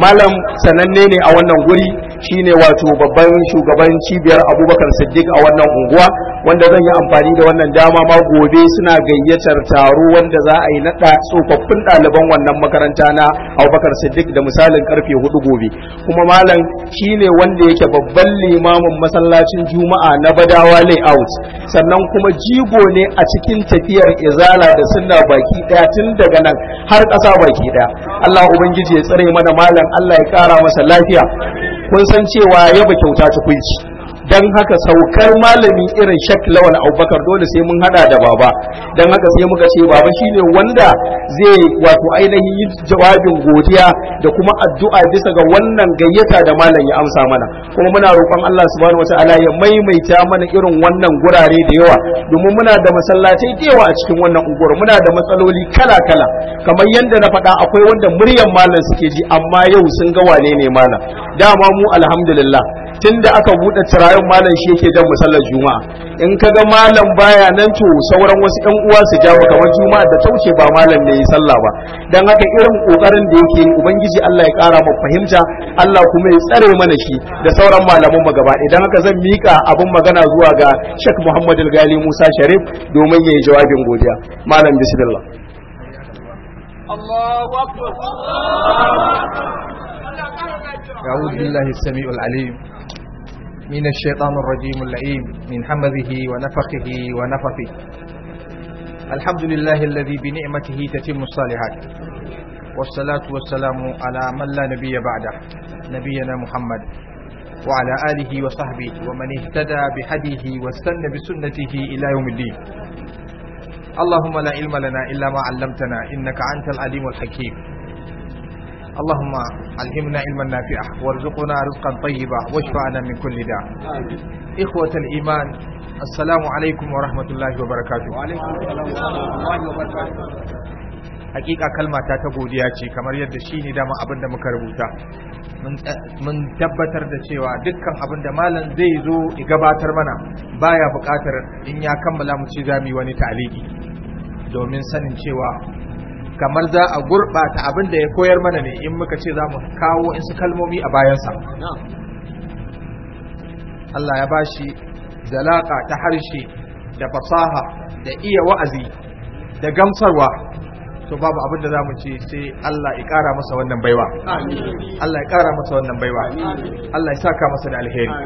malam sananne ne a wannan guri shine wato babban shugaban cibiyar abubakar siddiq a wannan unguwa wanda zan yi amfani da wannan dama ma gobe suna gayyatar taro wanda za a yi na tsofaffin ɗaliban wannan makaranta na abubakar siddiq da misalin karfe hudu gobe kuma malam shine wanda yake babban limamin masallacin juma'a na badawa layout sannan kuma jigo ne a cikin tafiyar izala da sunna baki daya tun daga nan har ƙasa baki daya allah ubangiji ya tsare mana malam allah ya ƙara masa lafiya kun san cewa yaba kyauta tukunci. dan haka saukar malami irin shak lawal abubakar dole sai mun hada da baba dan haka sai muka ce baba shine wanda zai wato ainihin jawabin godiya da kuma addu'a bisa ga wannan gayyata da malam ya amsa mana kuma muna roƙon Allah subhanahu wataala ya maimaita mana irin wannan gurare da yawa domin muna da masallatai da yawa a cikin wannan unguwar muna da matsaloli kala kala kamar yadda na faɗa akwai wanda muryan malam suke ji amma yau sun ga wane ne malam dama mu alhamdulillah tunda aka buɗe turare yau malam shi yake jan musallar juma'a in ka ga malam baya nan to sauran wasu yan uwa su jawo kamar juma'a da tauce ba malam ne yi sallah ba dan haka irin kokarin da yake yi ubangiji Allah ya kara mu fahimta Allah kuma ya tsare mana shi da sauran malaman mu gaba idan haka zan mika abin magana zuwa ga Sheikh Muhammad Al-Gali Musa Sharif domin yayi jawabin godiya malam bismillah الله أكبر أعوذ بالله السميع العليم من الشيطان الرجيم اللئيم من حمده ونفقه ونفثه الحمد لله الذي بنعمته تتم الصالحات والصلاة والسلام على من لا نبي بعده نبينا محمد وعلى آله وصحبه ومن اهتدى بهديه واستنى بسنته إلى يوم الدين اللهم لا علم لنا إلا ما علمتنا إنك أنت العليم الحكيم Allahuma علمنا علما نافعا وارزقنا رزقا طيبا واشفعنا من كل داء إخوة الإيمان السلام عليكم ورحمة الله وبركاته وعليكم السلام ورحمة الله وبركاته hakika kalma ta ta godiya ce kamar yadda shi ne dama abin da muka rubuta mun tabbatar da cewa dukkan abin da malam zai zo ya gabatar mana baya buƙatar in ya kammala mu ce mu yi wani taliki domin sanin cewa kamar za a gurɓata abin da ya koyar mana ne in muka ce za mu kawo insu kalmomi a bayansa Allah ya bashi zalaka ta harshe da fasaha da iya wa'azi da gamsarwa to babu abin da za mu ce sai Allah ya ƙara masa wannan baiwa Allah ya ƙara masa wannan baiwa Allah ya saka masa da alheri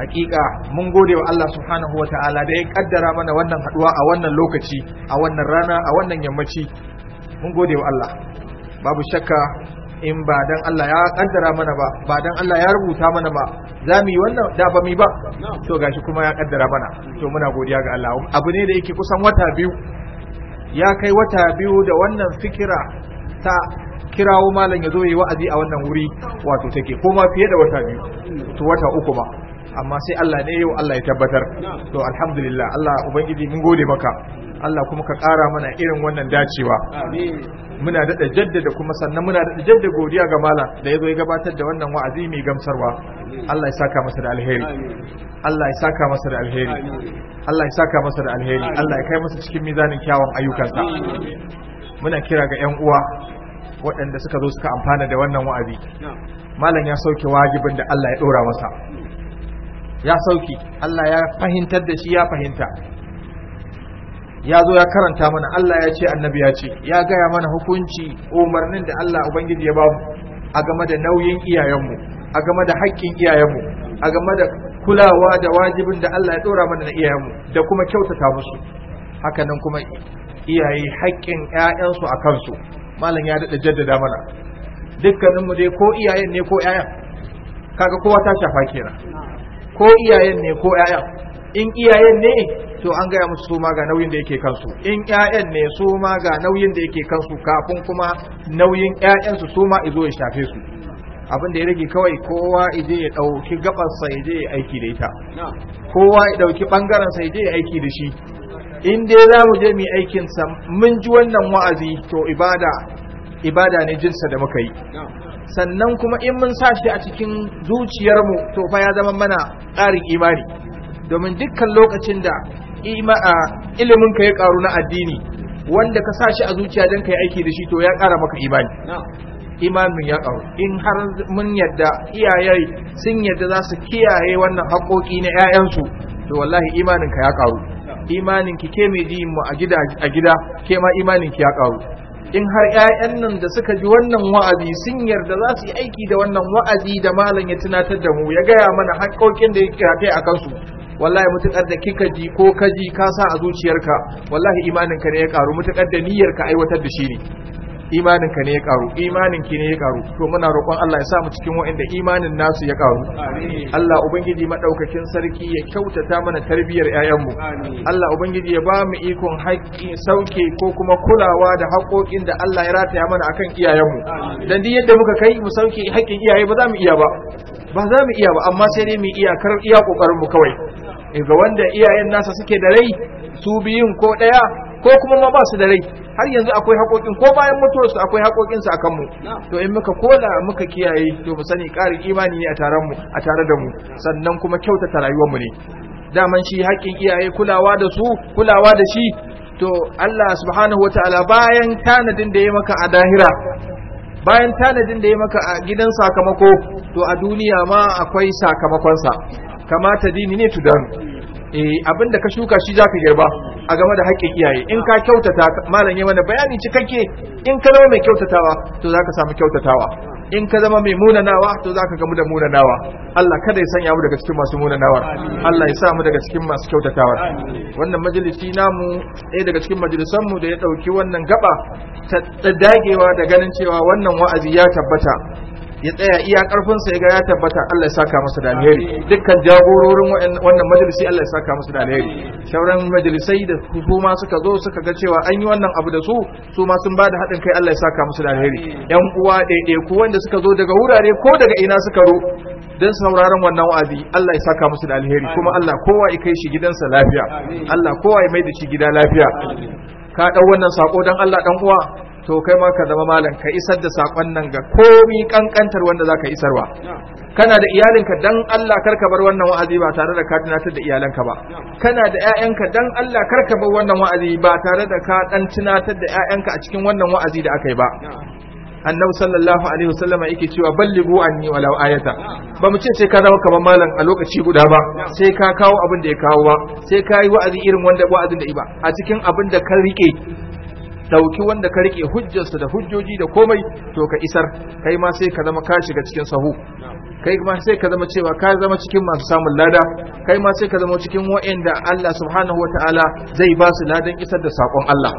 hakika mun gode wa Allah subhanahu wa ta'ala da ya kaddara mana wannan haduwa a wannan lokaci a wannan rana a wannan yammaci mun gode wa Allah babu shakka in ba dan Allah ya kaddara mana ba ba dan Allah ya rubuta mana ba za mu yi wannan da ba mu ba to gashi kuma ya kaddara mana to muna godiya ga Allah abu ne da yake kusan wata biyu ya kai wata biyu da wannan fikira ta kirawo malam ya zo yi wa'azi a wannan wuri wato take ko ma fiye da wata biyu to wata uku ba. amma sai Allah ne yau Allah ya tabbatar to alhamdulillah Allah ubangiji mun gode maka Allah kuma ka ƙara mana irin wannan dacewa muna daɗa jaddada kuma sannan muna daɗa jaddada godiya ga malam da ya zo ya gabatar da wannan wa'azi mai gamsarwa Allah ya saka masa da alheri Allah ya saka masa da alheri Allah ya saka masa da alheri Allah ya kai masa cikin mizanin kyawun ayyukansa muna kira ga 'yan uwa waɗanda suka zo suka amfana da wannan wa'azi malam ya sauke wajibin da Allah ya ɗora masa ya sauki Allah ya fahimtar da shi ya fahimta ya zo ya karanta mana Allah ya ce annabi ya ce ya gaya mana hukunci umarnin da Allah ubangiji ya ba mu a game da nauyin iyayenmu a game da haƙƙin iyayenmu a game da kulawa da wajibin da Allah ya ɗora mana na iyayenmu da kuma kyautata musu hakanan kuma iyaye haƙƙin 'ya'yansu a kansu malam ya daɗa jaddada mana dukkaninmu dai ko iyayen ne ko 'ya'yan kaga kowa ta shafa kenan ko iyayen ne ko 'ya'yan in iyayen ne to an gaya musu su ma ga nauyin da yake kansu in 'ya'yan ne su ma ga nauyin da yake kansu kafin kuma nauyin 'ya'yansu su ma izo ya shafe su abin da ya rage kawai kowa ije ya dauki gabarsa ya je ya aiki da ita kowa ya ɗauki ɓangaren sa ya je ya aiki da shi in dai za mu je mu aikin sa mun ji wannan wa'azi to ibada ibada ne jinsa da muka yi sannan kuma in mun sa shi a cikin zuciyarmu to fa ya zama mana ƙarin imani domin dukkan lokacin da ilimin ka ya ƙaru na addini wanda ka sa shi a zuciya don ka yi aiki da shi to ya ƙara maka imani imanin ya ƙaru in har mun yadda iyaye sun yadda za su kiyaye wannan haƙoƙi na 'ya'yansu to wallahi imanin ka ya ƙaru imanin ki ke mai ji mu a gida a gida ke ma imanin ki ya karu in har ƴaƴan nan da suka ji wannan wa'azi sun yarda za su yi aiki da wannan wa'azi da malam ya tunatar da mu ya gaya mana haƙƙoƙin da yake kai a kansu wallahi mutukar da kika ji ko ka ji ka sa a zuciyarka wallahi imanin ka ne ya karu mutukar da niyyar ka aiwatar da shi ne imanin ka ne ya karu imanin ki ne ya karu to muna roƙon Allah ya sa mu cikin waɗanda imanin nasu ya karu Allah ubangiji madaukakin sarki ya kyautata mana tarbiyar ƴaƴanmu Allah ubangiji ya ba mu ikon haƙƙi sauke ko kuma kulawa da haƙoƙin da Allah ya rataya mana akan iyayenmu dan duk yadda muka kai mu sauke haƙƙin iyaye ba za mu iya ba ba za mu iya ba amma sai dai mu iya kar iya kokarin mu kawai ga wanda iyayen nasa suke da rai su biyun ko daya ko kuma ma ba su da rai har yanzu akwai haƙoƙin ko bayan mutuwarsu akwai haƙoƙin su akan mu to in muka kola muka kiyaye to mu sani ƙarin imani ne a taron mu a tare da mu sannan kuma kyautata rayuwar mu ne daman shi haƙƙin iyaye kulawa da su kulawa da shi to Allah subhanahu wataala bayan tanadin da ya maka a dahira bayan tanadin da ya maka a gidan sakamako to a duniya ma akwai sakamakonsa kamata dini ne tudanu Eh, abin da ka shuka shi zaka girba a game da haƙƙin iyaye in ka kyautata malam yi mana bayani cikakke in ka zama mai kyautatawa to zaka samu kyautatawa in ka zama mai munanawa to zaka gamu da munanawa Allah kada ya sanya mu daga cikin masu munanawar Allah ya sa mu daga cikin masu kyautatawar wannan majalisi namu ɗaya daga cikin majalisan mu da ya ɗauki wannan gaba ta dagewa da ganin cewa wannan wa'azi ya tabbata ya tsaya iya karfinsa ya ga ya tabbata Allah ya saka masa da alheri dukkan jagororin wannan majalisi Allah ya saka masa da alheri shauran majalisai da su suka zo suka ga cewa an yi wannan abu da su su ma sun bada haɗin kai Allah ya saka masa da alheri yan uwa ku wanda suka zo daga wurare ko daga ina suka ro don sauraron wannan wa'azi Allah ya saka musu da alheri kuma Allah kowa ya kai shi gidansa lafiya Allah kowa ya mai da shi gida lafiya ka ɗau wannan sako don Allah ɗan uwa to kai ma ka zama malam ka isar da sakon nan ga komi kankantar wanda zaka isarwa kana da iyalinka dan Allah karka bar wannan wa'azi ba tare da ka tunatar da iyalanka ba kana da ƴaƴanka dan Allah karka bar wannan wa'azi ba tare da ka dan tunatar da ƴaƴanka a cikin wannan wa'azi da aka yi ba annabi sallallahu alaihi wasallama yake cewa ballighu anni walau ayata ba mu ce sai ka zama kamar malam a lokaci guda ba sai ka kawo abin da ya kawo ba sai ka yi wa'azi irin wanda wa'azin da iba a cikin abin da ka rike ɗauki wanda ka rike hujjarsa da hujjoji da komai to ka isar kai ma sai ka zama ka shiga cikin sahu kai ma sai ka zama cewa ka zama cikin masu samun lada kai ma sai ka zama cikin wa'anda Allah subhanahu wataala zai ba su ladan isar da sakon Allah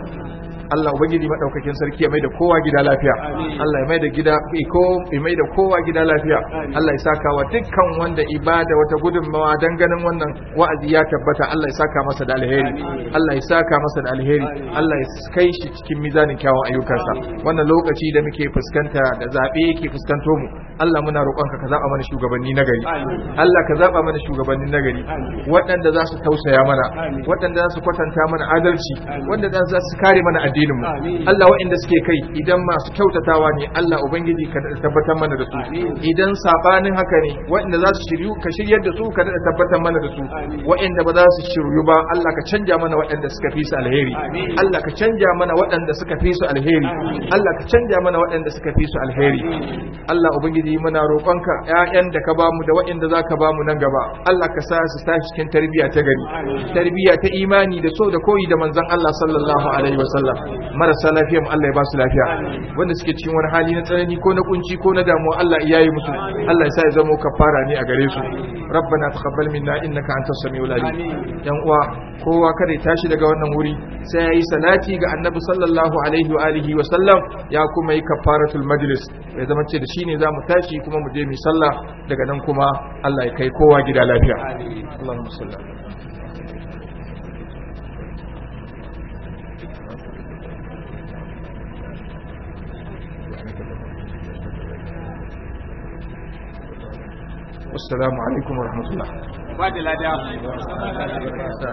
Allah ubangiji madaukakin sarki ya maida kowa gida lafiya Allah ya maida gida ko ya maida kowa gida lafiya Allah ya saka wa dukkan wanda ibada wata gudunmawa dan ganin wannan wa'azi ya tabbata Allah ya saka masa da alheri Allah ya saka masa da alheri Allah ya kai shi cikin mizanin kyawun ayyukansa wannan lokaci da muke fuskanta da zabe yake fuskanto mu Allah muna roƙonka ka zaba mana shugabanni nagari. Allah ka zaba mana shugabanni nagari. waɗanda za su tausaya mana waɗanda za su kwatanta mana adalci waɗanda za su kare mana addini addinin mu Allah waɗanda suke kai idan masu kyautatawa ne Allah ubangiji ka tabbatar mana da su idan sabanin haka ne waɗanda za su shiryu ka shiryar da su ka tabbatar mana da su waɗanda ba za su shiryu ba Allah ka canja mana waɗanda suka fi su alheri Allah ka canja mana waɗanda suka fi su alheri Allah ka canja mana waɗanda suka fi su alheri Allah ubangiji muna roƙonka ƴaƴan da ka bamu da waɗanda za ka bamu nan gaba Allah ka sa su tashi cikin tarbiyya ta gari tarbiyya ta imani da so da koyi da manzon Allah sallallahu alaihi wasallam marasa lafiyar Allah ya ba su lafiya wanda suke cikin wani hali na tsanani ko na kunci ko na damuwa Allah ya yi musu Allah ya sa ya zama kafara ne a gare su rabbana taqabbal minna innaka antas samiul alim yan uwa kowa kada ya tashi daga wannan wuri sai yayi salati ga annabi sallallahu alaihi wa alihi wa sallam ya kuma yi kafaratul majlis ya zama ce da shine zamu tashi kuma mu je mu sallah daga nan kuma Allah ya kai kowa gida lafiya Allahumma salli wassalamu alaikum warahmatullah ba da lada